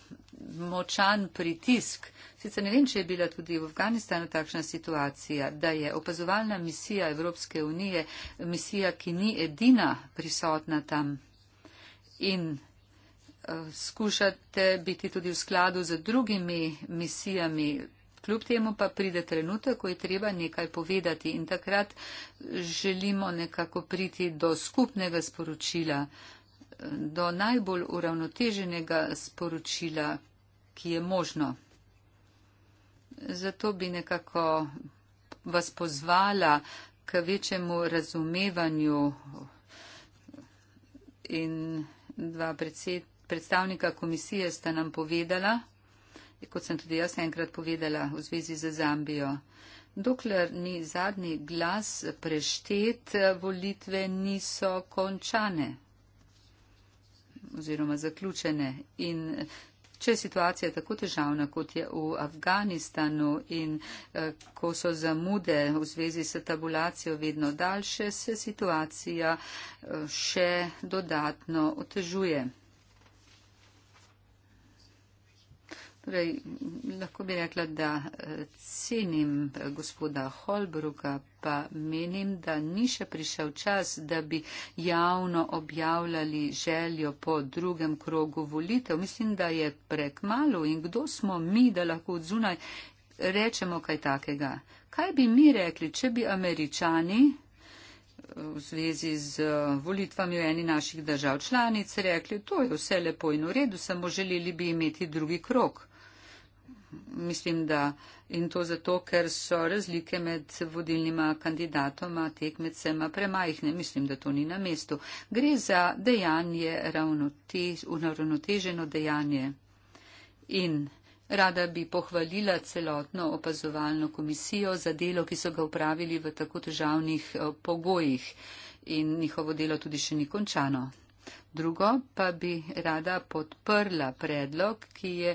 močan pritisk. Sicer ne vem, če je bila tudi v Afganistanu takšna situacija, da je opazovalna misija Evropske unije misija, ki ni edina prisotna tam in uh, skušate biti tudi v skladu z drugimi misijami. Kljub temu pa pride trenutek, ko je treba nekaj povedati in takrat želimo nekako priti do skupnega sporočila, eh, do najbolj uravnoteženega sporočila, ki je možno. Zato bi nekako vas pozvala k večjemu razumevanju in dva predsed, predstavnika komisije sta nam povedala, kot sem tudi jaz enkrat povedala v zvezi z Zambijo. Dokler ni zadnji glas preštet, volitve niso končane oziroma zaključene. In Če je situacija tako težavna, kot je v Afganistanu in eh, ko so zamude v zvezi s tabulacijo vedno daljše, se situacija eh, še dodatno otežuje. Torej, lahko bi rekla, da eh, cenim eh, gospoda Holbruka, pa menim, da ni še prišel čas, da bi javno objavljali željo po drugem krogu volitev. Mislim, da je prek malo in kdo smo mi, da lahko od zunaj rečemo kaj takega. Kaj bi mi rekli, če bi američani eh, v zvezi z volitvami v eni naših držav članic rekli, to je vse lepo in v redu, samo želeli bi imeti drugi krok mislim, da in to zato, ker so razlike med vodilnima kandidatoma, tekmecema premajhne. Mislim, da to ni na mestu. Gre za dejanje, uravnoteženo dejanje. In rada bi pohvalila celotno opazovalno komisijo za delo, ki so ga upravili v tako težavnih eh, pogojih in njihovo delo tudi še ni končano. Drugo pa bi rada podprla predlog, ki je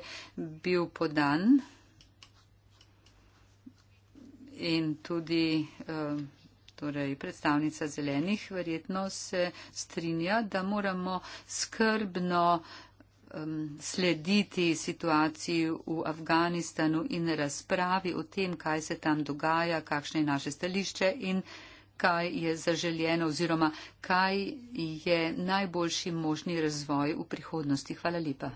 bil podan in tudi eh, torej, predstavnica zelenih verjetno se strinja, da moramo skrbno slediti situaciji v Afganistanu in razpravi o tem, kaj se tam dogaja, kakšno je naše stališče in kaj je zaželjeno oziroma kaj je najboljši možni razvoj v prihodnosti. Hvala lepa.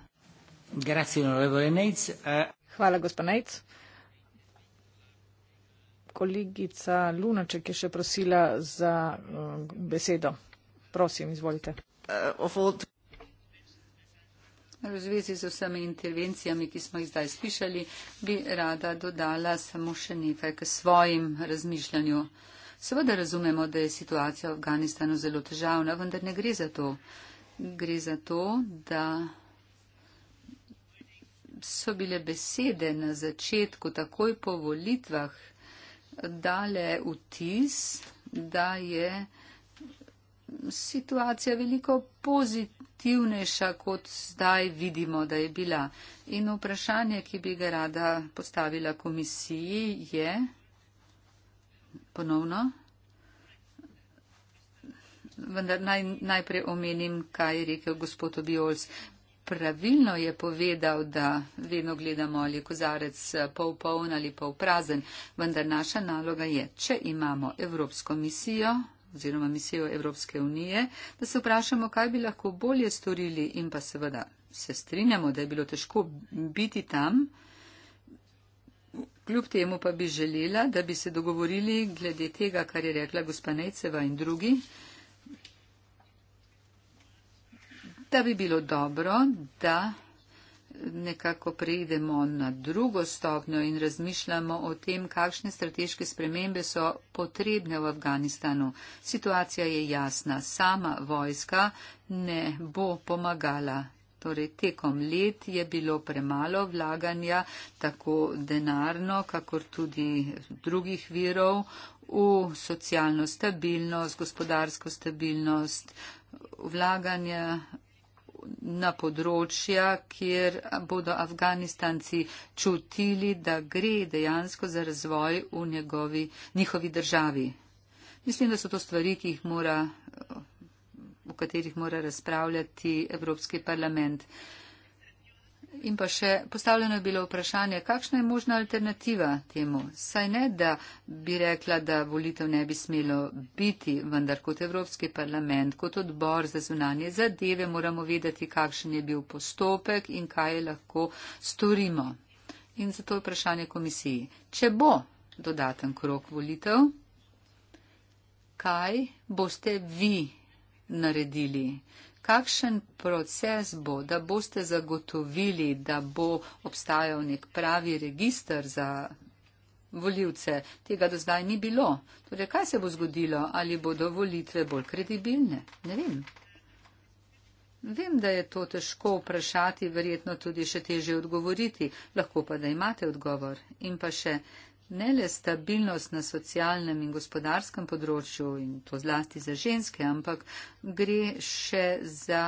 Eh, Hvala, gospod Nejc. Kolegica Lunaček je še prosila za eh, besedo. Prosim, izvolite. Eh, v zvezi z vsemi intervencijami, ki smo jih zdaj slišali, bi rada dodala samo še nekaj k svojim razmišljanju. Seveda razumemo, da je situacija v Afganistanu zelo težavna, vendar ne gre za to. Gre za to, da so bile besede na začetku, takoj po volitvah, dale vtis, da je situacija veliko pozitivnejša, kot zdaj vidimo, da je bila. In vprašanje, ki bi ga rada postavila komisiji, je ponovno. Vendar naj, najprej omenim, kaj je rekel gospod Obiols. Pravilno je povedal, da vedno gledamo ali je kozarec eh, pol poln ali pol prazen, vendar naša naloga je, če imamo Evropsko misijo oziroma misijo Evropske unije, da se vprašamo, kaj bi lahko bolje storili in pa seveda se strinjamo, da je bilo težko biti tam, Kljub temu pa bi želela, da bi se dogovorili glede tega, kar je rekla gospa Nejceva in drugi, da bi bilo dobro, da nekako preidemo na drugo stopnjo in razmišljamo o tem, kakšne strateške spremembe so potrebne v Afganistanu. Situacija je jasna, sama vojska ne bo pomagala Torej, tekom let je bilo premalo vlaganja, tako denarno, kakor tudi drugih virov, v socialno stabilnost, gospodarsko stabilnost, vlaganje na področja, kjer bodo Afganistanci čutili, da gre dejansko za razvoj v njegovi, njihovi državi. Mislim, da so to stvari, ki jih mora o katerih mora razpravljati Evropski parlament. In pa še postavljeno je bilo vprašanje, kakšna je možna alternativa temu. Saj ne, da bi rekla, da volitev ne bi smelo biti, vendar kot Evropski parlament, kot odbor za zunanje zadeve moramo vedeti, kakšen je bil postopek in kaj lahko storimo. In zato je vprašanje komisiji, če bo dodaten krok volitev, kaj boste vi naredili? Kakšen proces bo, da boste zagotovili, da bo obstajal nek pravi registr za voljivce? Tega do zdaj ni bilo. Torej, kaj se bo zgodilo? Ali bodo volitve bolj kredibilne? Ne vem. Vem, da je to težko vprašati, verjetno tudi še teže odgovoriti. Lahko pa, da imate odgovor. In pa še ne le stabilnost na socialnem in gospodarskem področju in to zlasti za ženske, ampak gre še za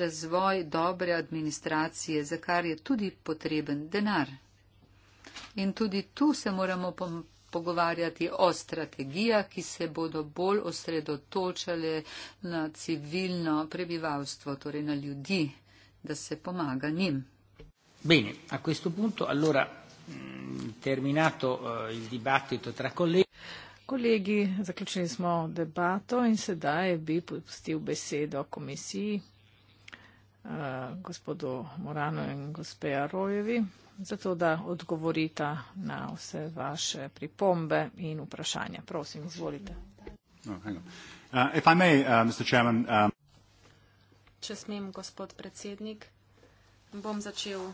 razvoj dobre administracije, za kar je tudi potreben denar. In tudi tu se moramo pogovarjati o strategijah, ki se bodo bolj osredotočale na civilno prebivalstvo, torej na ljudi, da se pomaga njim. Bene, a questo punto allora Mm, terminato eh, il dibattito tra colleghi. Colleghi, zaključili smo debato in sedaj bi pustil besedo komisiji, eh, gospodu Morano in gospe Arojevi, zato da odgovorita na vse vaše pripombe in vprašanja. Prosim, izvolite. Oh, uh, may, uh, Chairman, um... Če smem, gospod predsednik, bom začel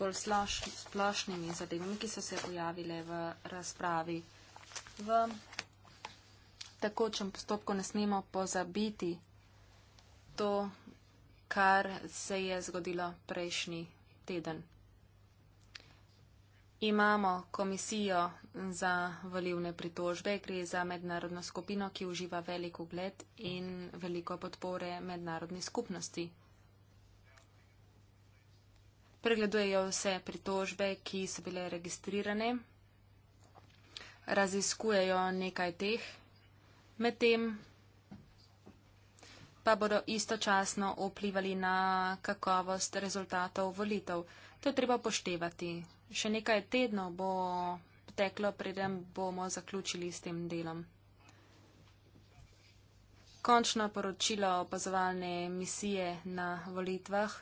bolj slaš, splošnimi zadevami, ki so se pojavile v razpravi. V takočem postopku ne smemo pozabiti to, kar se je zgodilo prejšnji teden. Imamo komisijo za volivne pritožbe, gre za mednarodno skupino, ki uživa veliko gled in veliko podpore mednarodni skupnosti pregledujejo vse pritožbe, ki so bile registrirane, raziskujejo nekaj teh, medtem pa bodo istočasno vplivali na kakovost rezultatov volitev. To je treba poštevati. Še nekaj tednov bo teklo, preden bomo zaključili s tem delom. Končno poročilo opazovalne misije na volitvah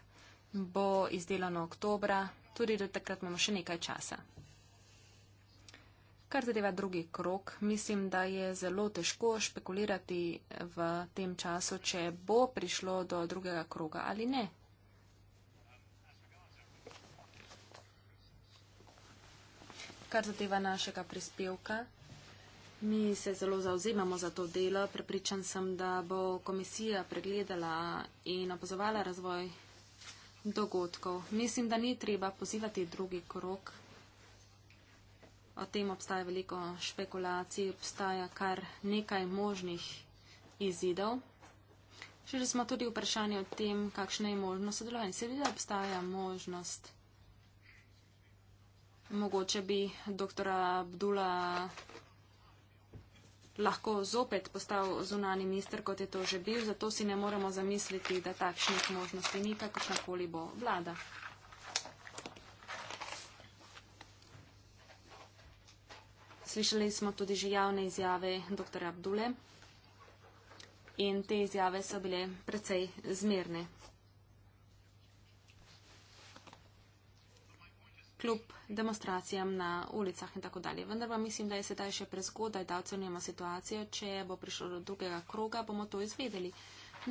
bo izdelano oktobra, tudi do takrat imamo še nekaj časa. Kar zadeva drugi krok, mislim, da je zelo težko špekulirati v tem času, če bo prišlo do drugega kroga ali ne. Kar zadeva našega prispevka, mi se zelo zauzemamo za to delo. Prepričan sem, da bo komisija pregledala in opazovala razvoj dogodkov. Mislim, da ni treba pozivati drugi krok. O tem obstaja veliko špekulacij, obstaja kar nekaj možnih izidov. Šli smo tudi vprašanje o tem, kakšna je možnost sodelovanja. Seveda obstaja možnost. Mogoče bi doktora Abdula lahko zopet postal zunani minister, kot je to že bil, zato si ne moremo zamisliti, da takšnih možnosti ni, kakršnakoli bo vlada. Slišali smo tudi že javne izjave dr. Abdule in te izjave so bile precej zmerne. kljub demonstracijam na ulicah in tako dalje. Vendar pa mislim, da je sedaj še prezgodaj, da ocenjamo situacijo, če bo prišlo do drugega kroga, bomo to izvedeli.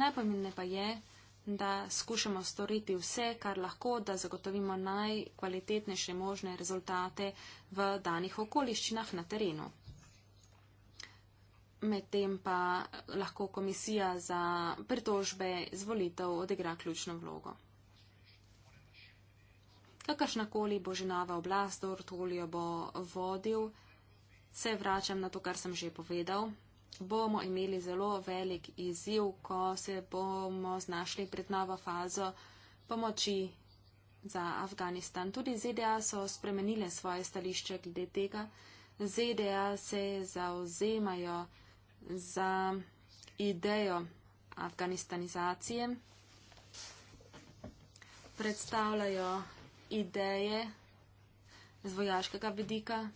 Najpomembne pa je, da skušamo storiti vse, kar lahko, da zagotovimo najkvalitetnejše možne rezultate v danih okoliščinah na terenu. Medtem pa lahko komisija za pritožbe zvolitev odigra ključno vlogo kakršnakoli bo že nova oblast, Ortolijo bo vodil, se vračam na to, kar sem že povedal, bomo imeli zelo velik izziv, ko se bomo znašli pred novo fazo pomoči za Afganistan. Tudi ZDA so spremenile svoje stališče glede tega. ZDA se zauzemajo za idejo afganistanizacije, predstavljajo ideje z vojaškega vidika.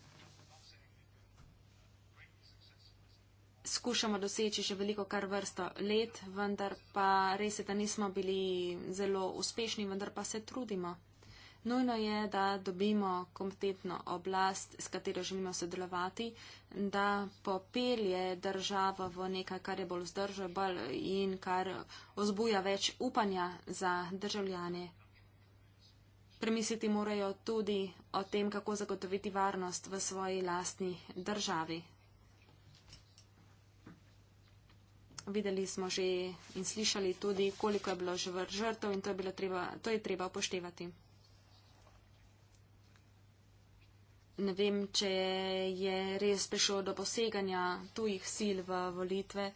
Skušamo doseči že veliko kar vrsto let, vendar pa res je, da nismo bili zelo uspešni, vendar pa se trudimo. Nujno je, da dobimo kompetentno oblast, s katero želimo sodelovati, da popelje državo v nekaj, kar je bolj vzdržno in kar ozbuja več upanja za državljane, Premisliti morajo tudi o tem, kako zagotoviti varnost v svoji lastni državi. Videli smo že in slišali tudi, koliko je bilo žrtev in to je, bilo treba, to je treba upoštevati. Ne vem, če je res prišlo do poseganja tujih sil v volitve.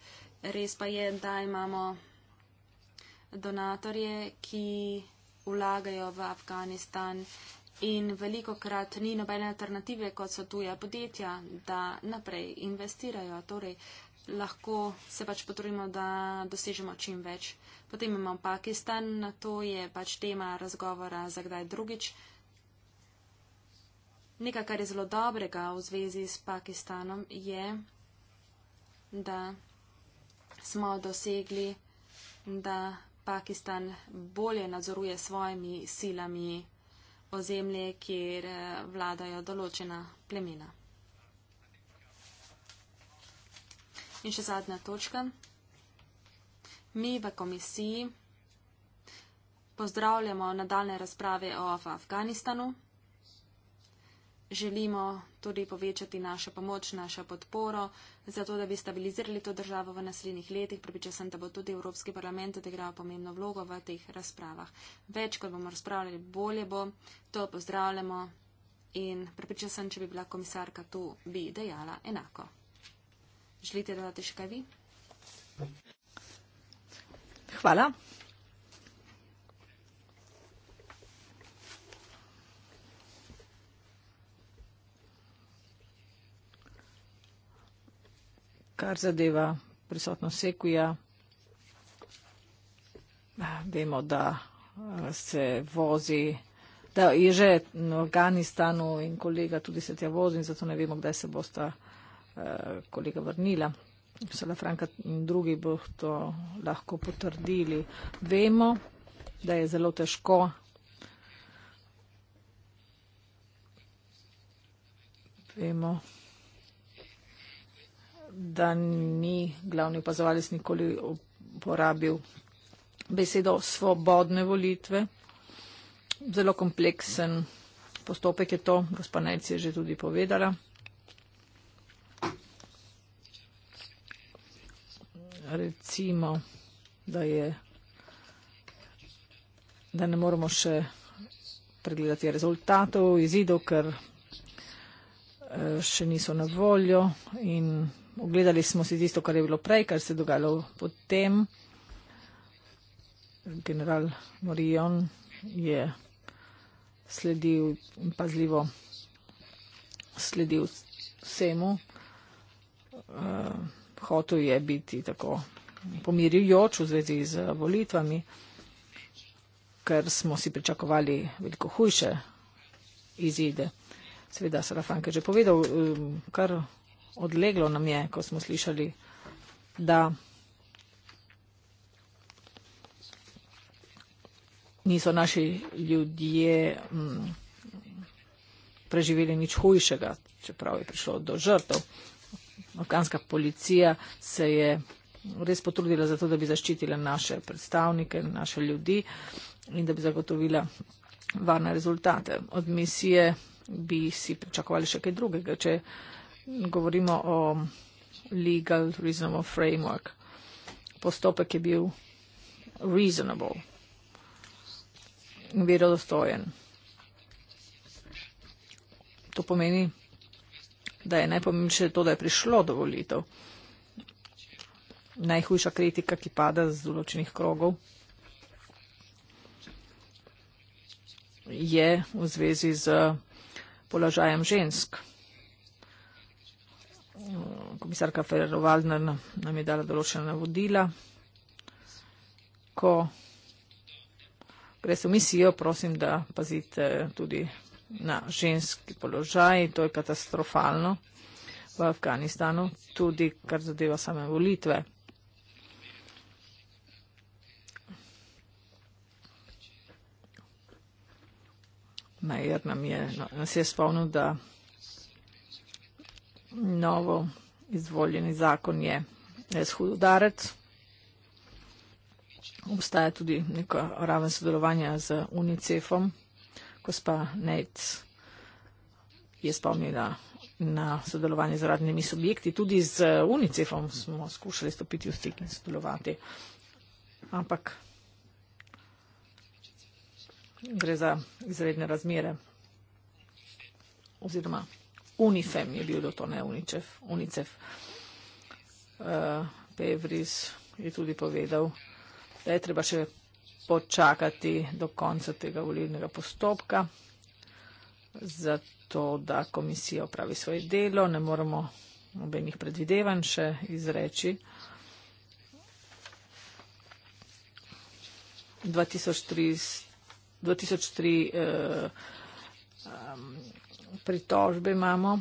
Res pa je, da imamo donatorje, ki vlagajo v Afganistan in veliko krat ni nobene alternative, kot so tuja podjetja, da naprej investirajo. Torej, lahko se pač potrudimo, da dosežemo čim več. Potem imamo Pakistan, to je pač tema razgovora za kdaj drugič. Nekaj, kar je zelo dobrega v zvezi s Pakistanom, je, da smo dosegli, da Pakistan bolje nadzoruje svojimi silami ozemlje, kjer eh, vladajo določena plemena. In še zadnja točka. Mi v komisiji pozdravljamo nadaljne razprave o Afganistanu želimo tudi povečati našo pomoč, našo podporo, zato da bi stabilizirali to državo v naslednjih letih. Pripričal sem, da bo tudi Evropski parlament odigral pomembno vlogo v teh razpravah. Več, kot bomo razpravljali, bolje bo. To pozdravljamo in pripričal sem, če bi bila komisarka tu, bi dejala enako. Želite dodati še kaj vi? Hvala. kar zadeva prisotnost sekuja, vemo, da eh, se vozi, da je že v Afganistanu in kolega tudi se tja vozi in zato ne vemo, kdaj se bosta eh, kolega vrnila. Sala Franka in drugi bo to lahko potrdili. Vemo, da je zelo težko. Vemo, da ni glavni opazovalec nikoli uporabil besedo svobodne volitve. Zelo kompleksen postopek je to, gospa Nec je že tudi povedala. Recimo, da, je, da ne moremo še pregledati rezultatov, izidov, ker eh, še niso na voljo in ogledali smo si tisto, kar je bilo prej, kar se je dogajalo potem. General Morion je sledil in pazljivo sledil vsemu. Uh, hotel je biti tako pomirjujoč v zvezi z volitvami, ker smo si pričakovali veliko hujše izide. Seveda, Sarafank je že povedal, um, kar odleglo nam je, ko smo slišali, da niso naši ljudje m, mm, preživeli nič hujšega, čeprav je prišlo do žrtev. Afganska policija se je res potrudila za to, da bi zaščitila naše predstavnike, naše ljudi in da bi zagotovila varne rezultate. Od misije bi si pričakovali še kaj drugega. Če, uh, govorimo o legal reasonable framework. Postopek je bil reasonable, verodostojen. To pomeni, da je najpomembnejše to, da je prišlo do volitev. Najhujša kritika, ki pada z določenih krogov, je v zvezi z položajem žensk komisarka Ferrovaldner nam je dala določena navodila. Ko greš v misijo, prosim, da pazite tudi na ženski položaj. To je katastrofalno v Afganistanu, tudi kar zadeva same volitve. Najer nam je, nas je spomnil, da novo izvoljeni zakon je res hud udarec. Obstaja tudi neka raven sodelovanja z UNICEF-om, ko spa Nec je spomnila na sodelovanje z radnimi subjekti. Tudi z UNICEF-om smo skušali stopiti v stik in sodelovati. Ampak gre za izredne razmere oziroma Unifem je bil to, ne Unicef. Unicef. Uh, Pevris je tudi povedal, da je treba še počakati do konca tega volilnega postopka, zato da komisija opravi svoje delo, ne moramo nobenih predvidevanj še izreči. 2003, 2003 uh, um, pritožbe imamo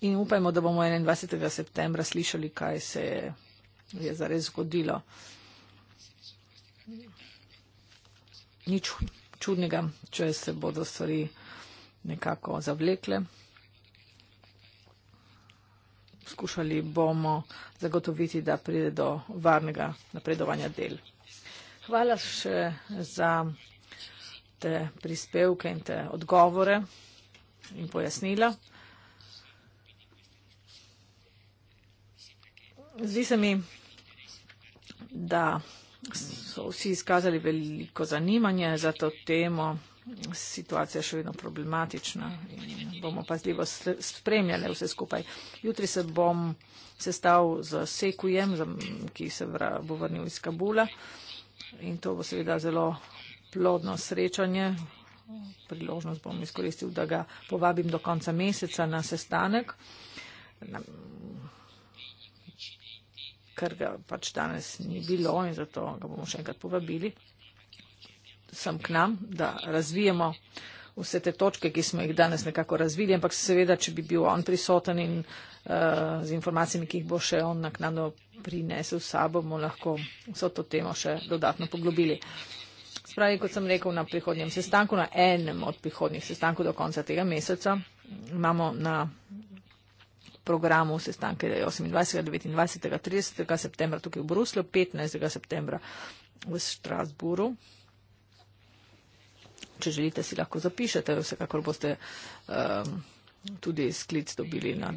in upajmo, da bomo 21. septembra slišali, kaj se je, je zares zgodilo. Nič čudnega, če se bodo stvari nekako zavlekle. Skušali bomo zagotoviti, da pride do varnega napredovanja del. Hvala še za te prispevke in te odgovore in pojasnila. Zdi se mi, da so vsi izkazali veliko zanimanje za to temo. Situacija je še vedno problematična in bomo pazljivo spremljali vse skupaj. Jutri se bom sestal z Sekujem, ki se bo vrnil iz Kabula in to bo seveda zelo plodno srečanje. Priložnost bom izkoristil, da ga povabim do konca meseca na sestanek, ker ga pač danes ni bilo in zato ga bomo še enkrat povabili sem k nam, da razvijemo vse te točke, ki smo jih danes nekako razvili, ampak seveda, če bi bil on prisoten in uh, z informacijami, ki jih bo še on naknadno prinesel s sabo, bomo lahko vso to temo še dodatno poglobili. Uh, pravi, kot sem rekel, na prihodnjem sestanku, na enem od prihodnjih sestankov do konca tega meseca, imamo na programu sestanke 28., 29., 30. septembra tukaj v Bruslju, 15. septembra v Strasburu. Če želite, si lahko zapišete, vsekakor boste um, tudi sklic dobili na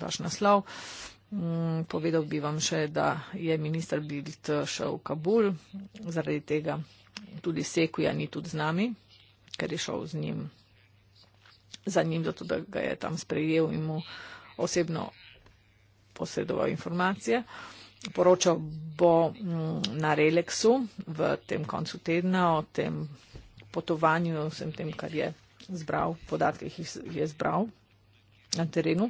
vaš naslov. Um, Mm, povedal bi vam še, da je minister Bilt šel v Kabul, zaradi tega tudi Sekuja ni tudi z nami, ker je šel z njim, za njim, zato da ga je tam sprejel in mu osebno posredoval informacije. Poročal bo mm, na Relexu v tem koncu tedna o tem potovanju, o vsem tem, kar je zbral, podatkih je zbral na terenu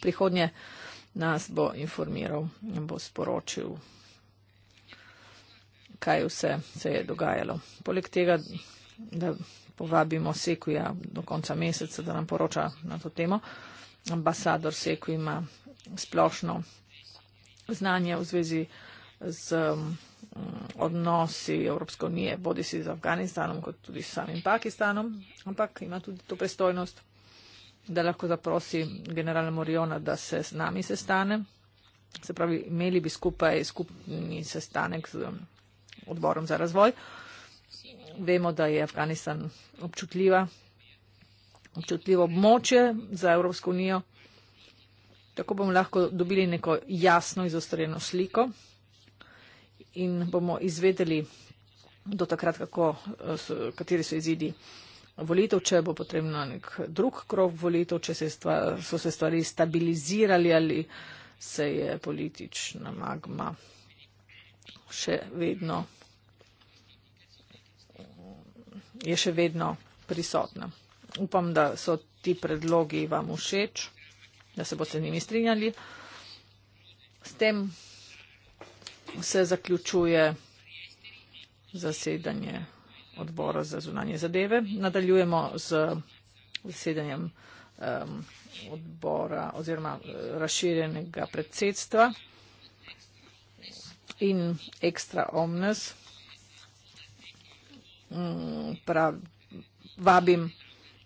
prihodnje nas bo informiral in bo sporočil, kaj vse se je dogajalo. Poleg tega, da povabimo Sekuja do konca meseca, da nam poroča na to temo, ambasador Seku ima splošno znanje v zvezi z mm, odnosi Evropske unije, bodi si z Afganistanom, kot tudi s samim Pakistanom, ampak ima tudi to prestojnost da lahko zaprosi generala Moriona, da se z nami sestane. Se pravi, imeli bi skupaj skupni sestanek z um, odborom za razvoj. Vemo, da je Afganistan občutljiva, občutljivo območje za Evropsko unijo. Tako bomo lahko dobili neko jasno izostrojeno sliko in bomo izvedeli do takrat, kako, eh, kateri so izidi volitev, če bo potrebno nek drug krok volitev, če se stvar, so se stvari stabilizirali ali se je politična magma še vedno, je še vedno prisotna. Upam, da so ti predlogi vam všeč, da se boste njimi strinjali. S tem se zaključuje zasedanje odbora za zunanje zadeve. Nadaljujemo z zasedanjem um, odbora oziroma eh, razširjenega predsedstva in ekstra omnes. Mm, prav, vabim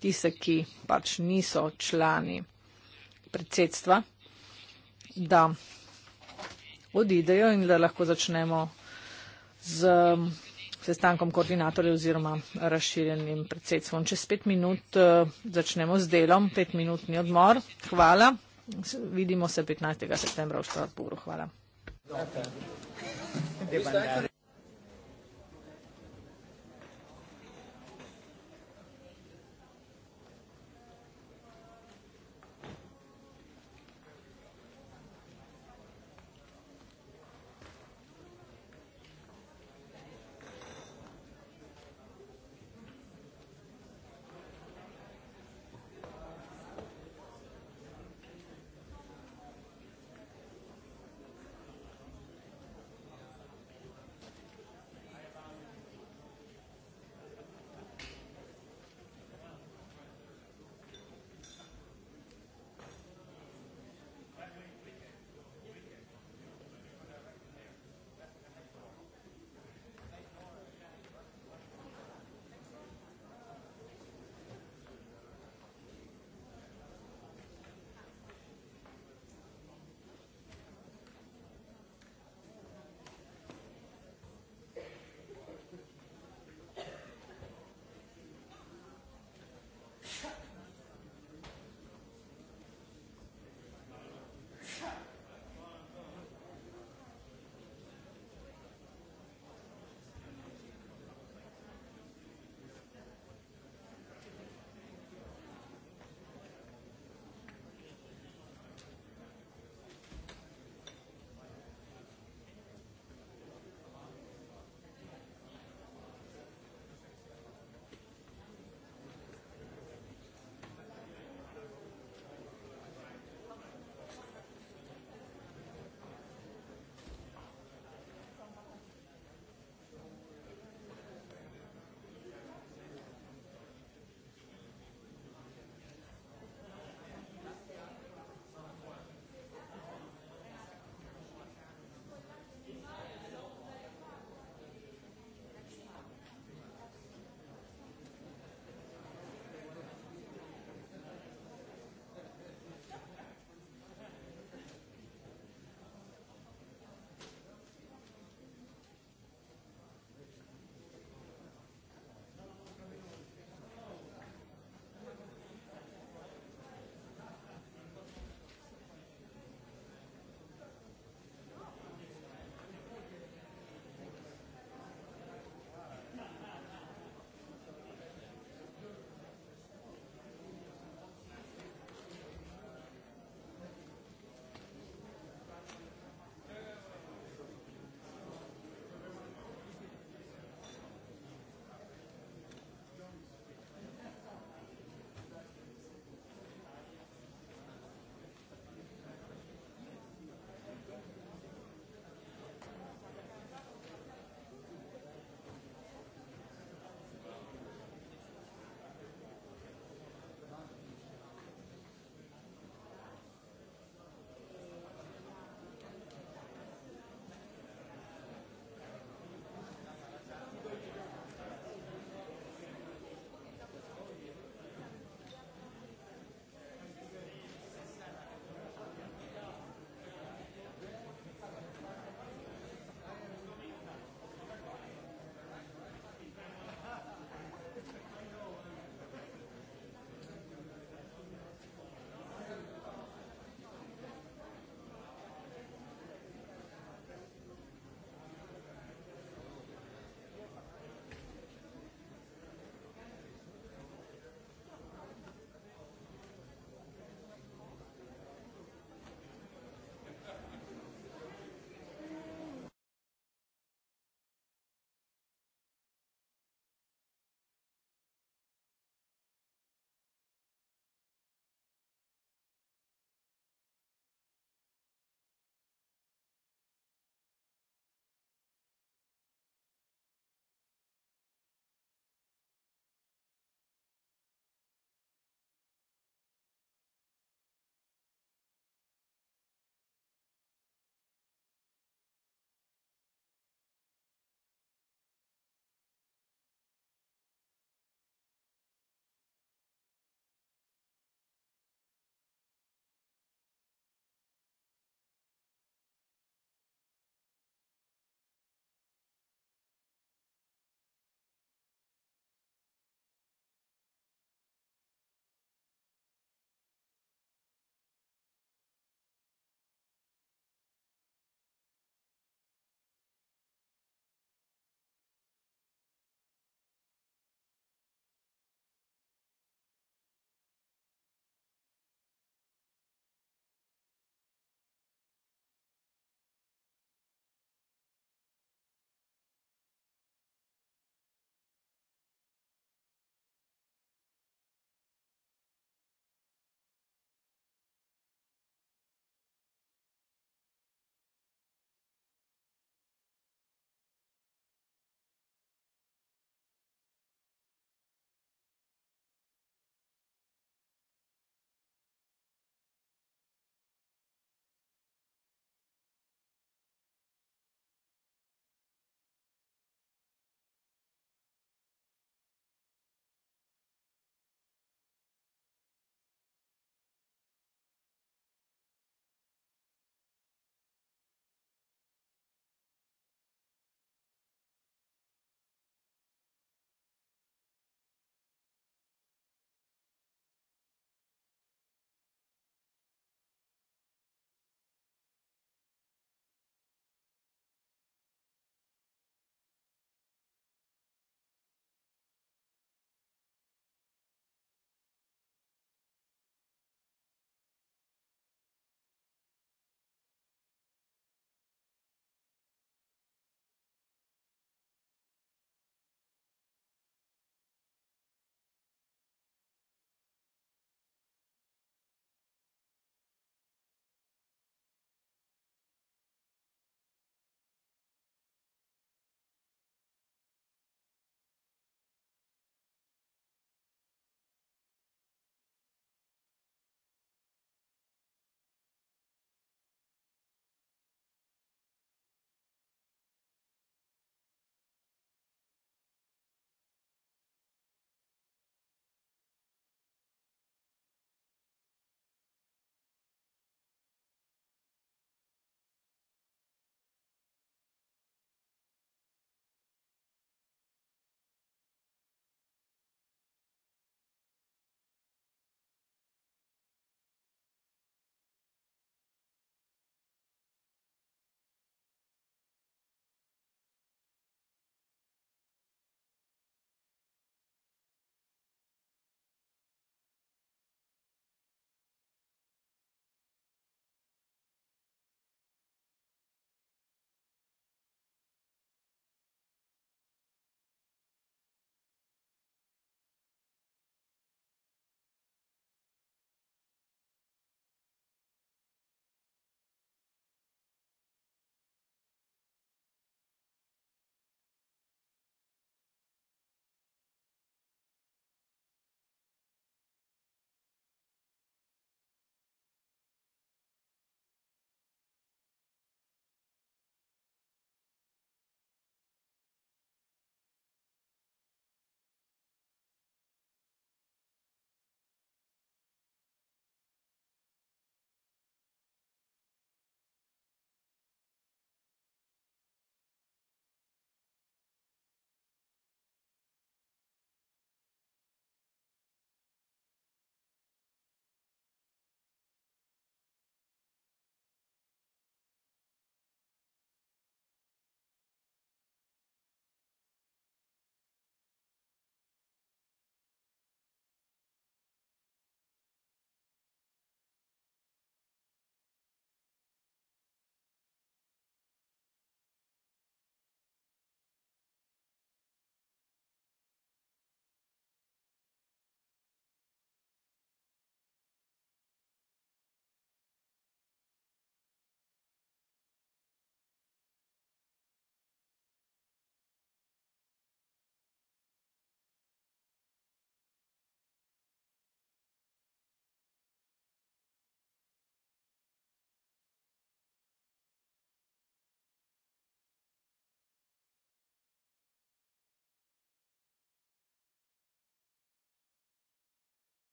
tiste, ki pač niso člani predsedstva, da odidejo in da lahko začnemo z sestankom koordinatorjev oziroma razširjenim predsedstvom. Čez pet minut eh, začnemo z delom, petminutni odmor. Hvala. Vidimo se 15. septembra v Štrasburu. Hvala. Okay.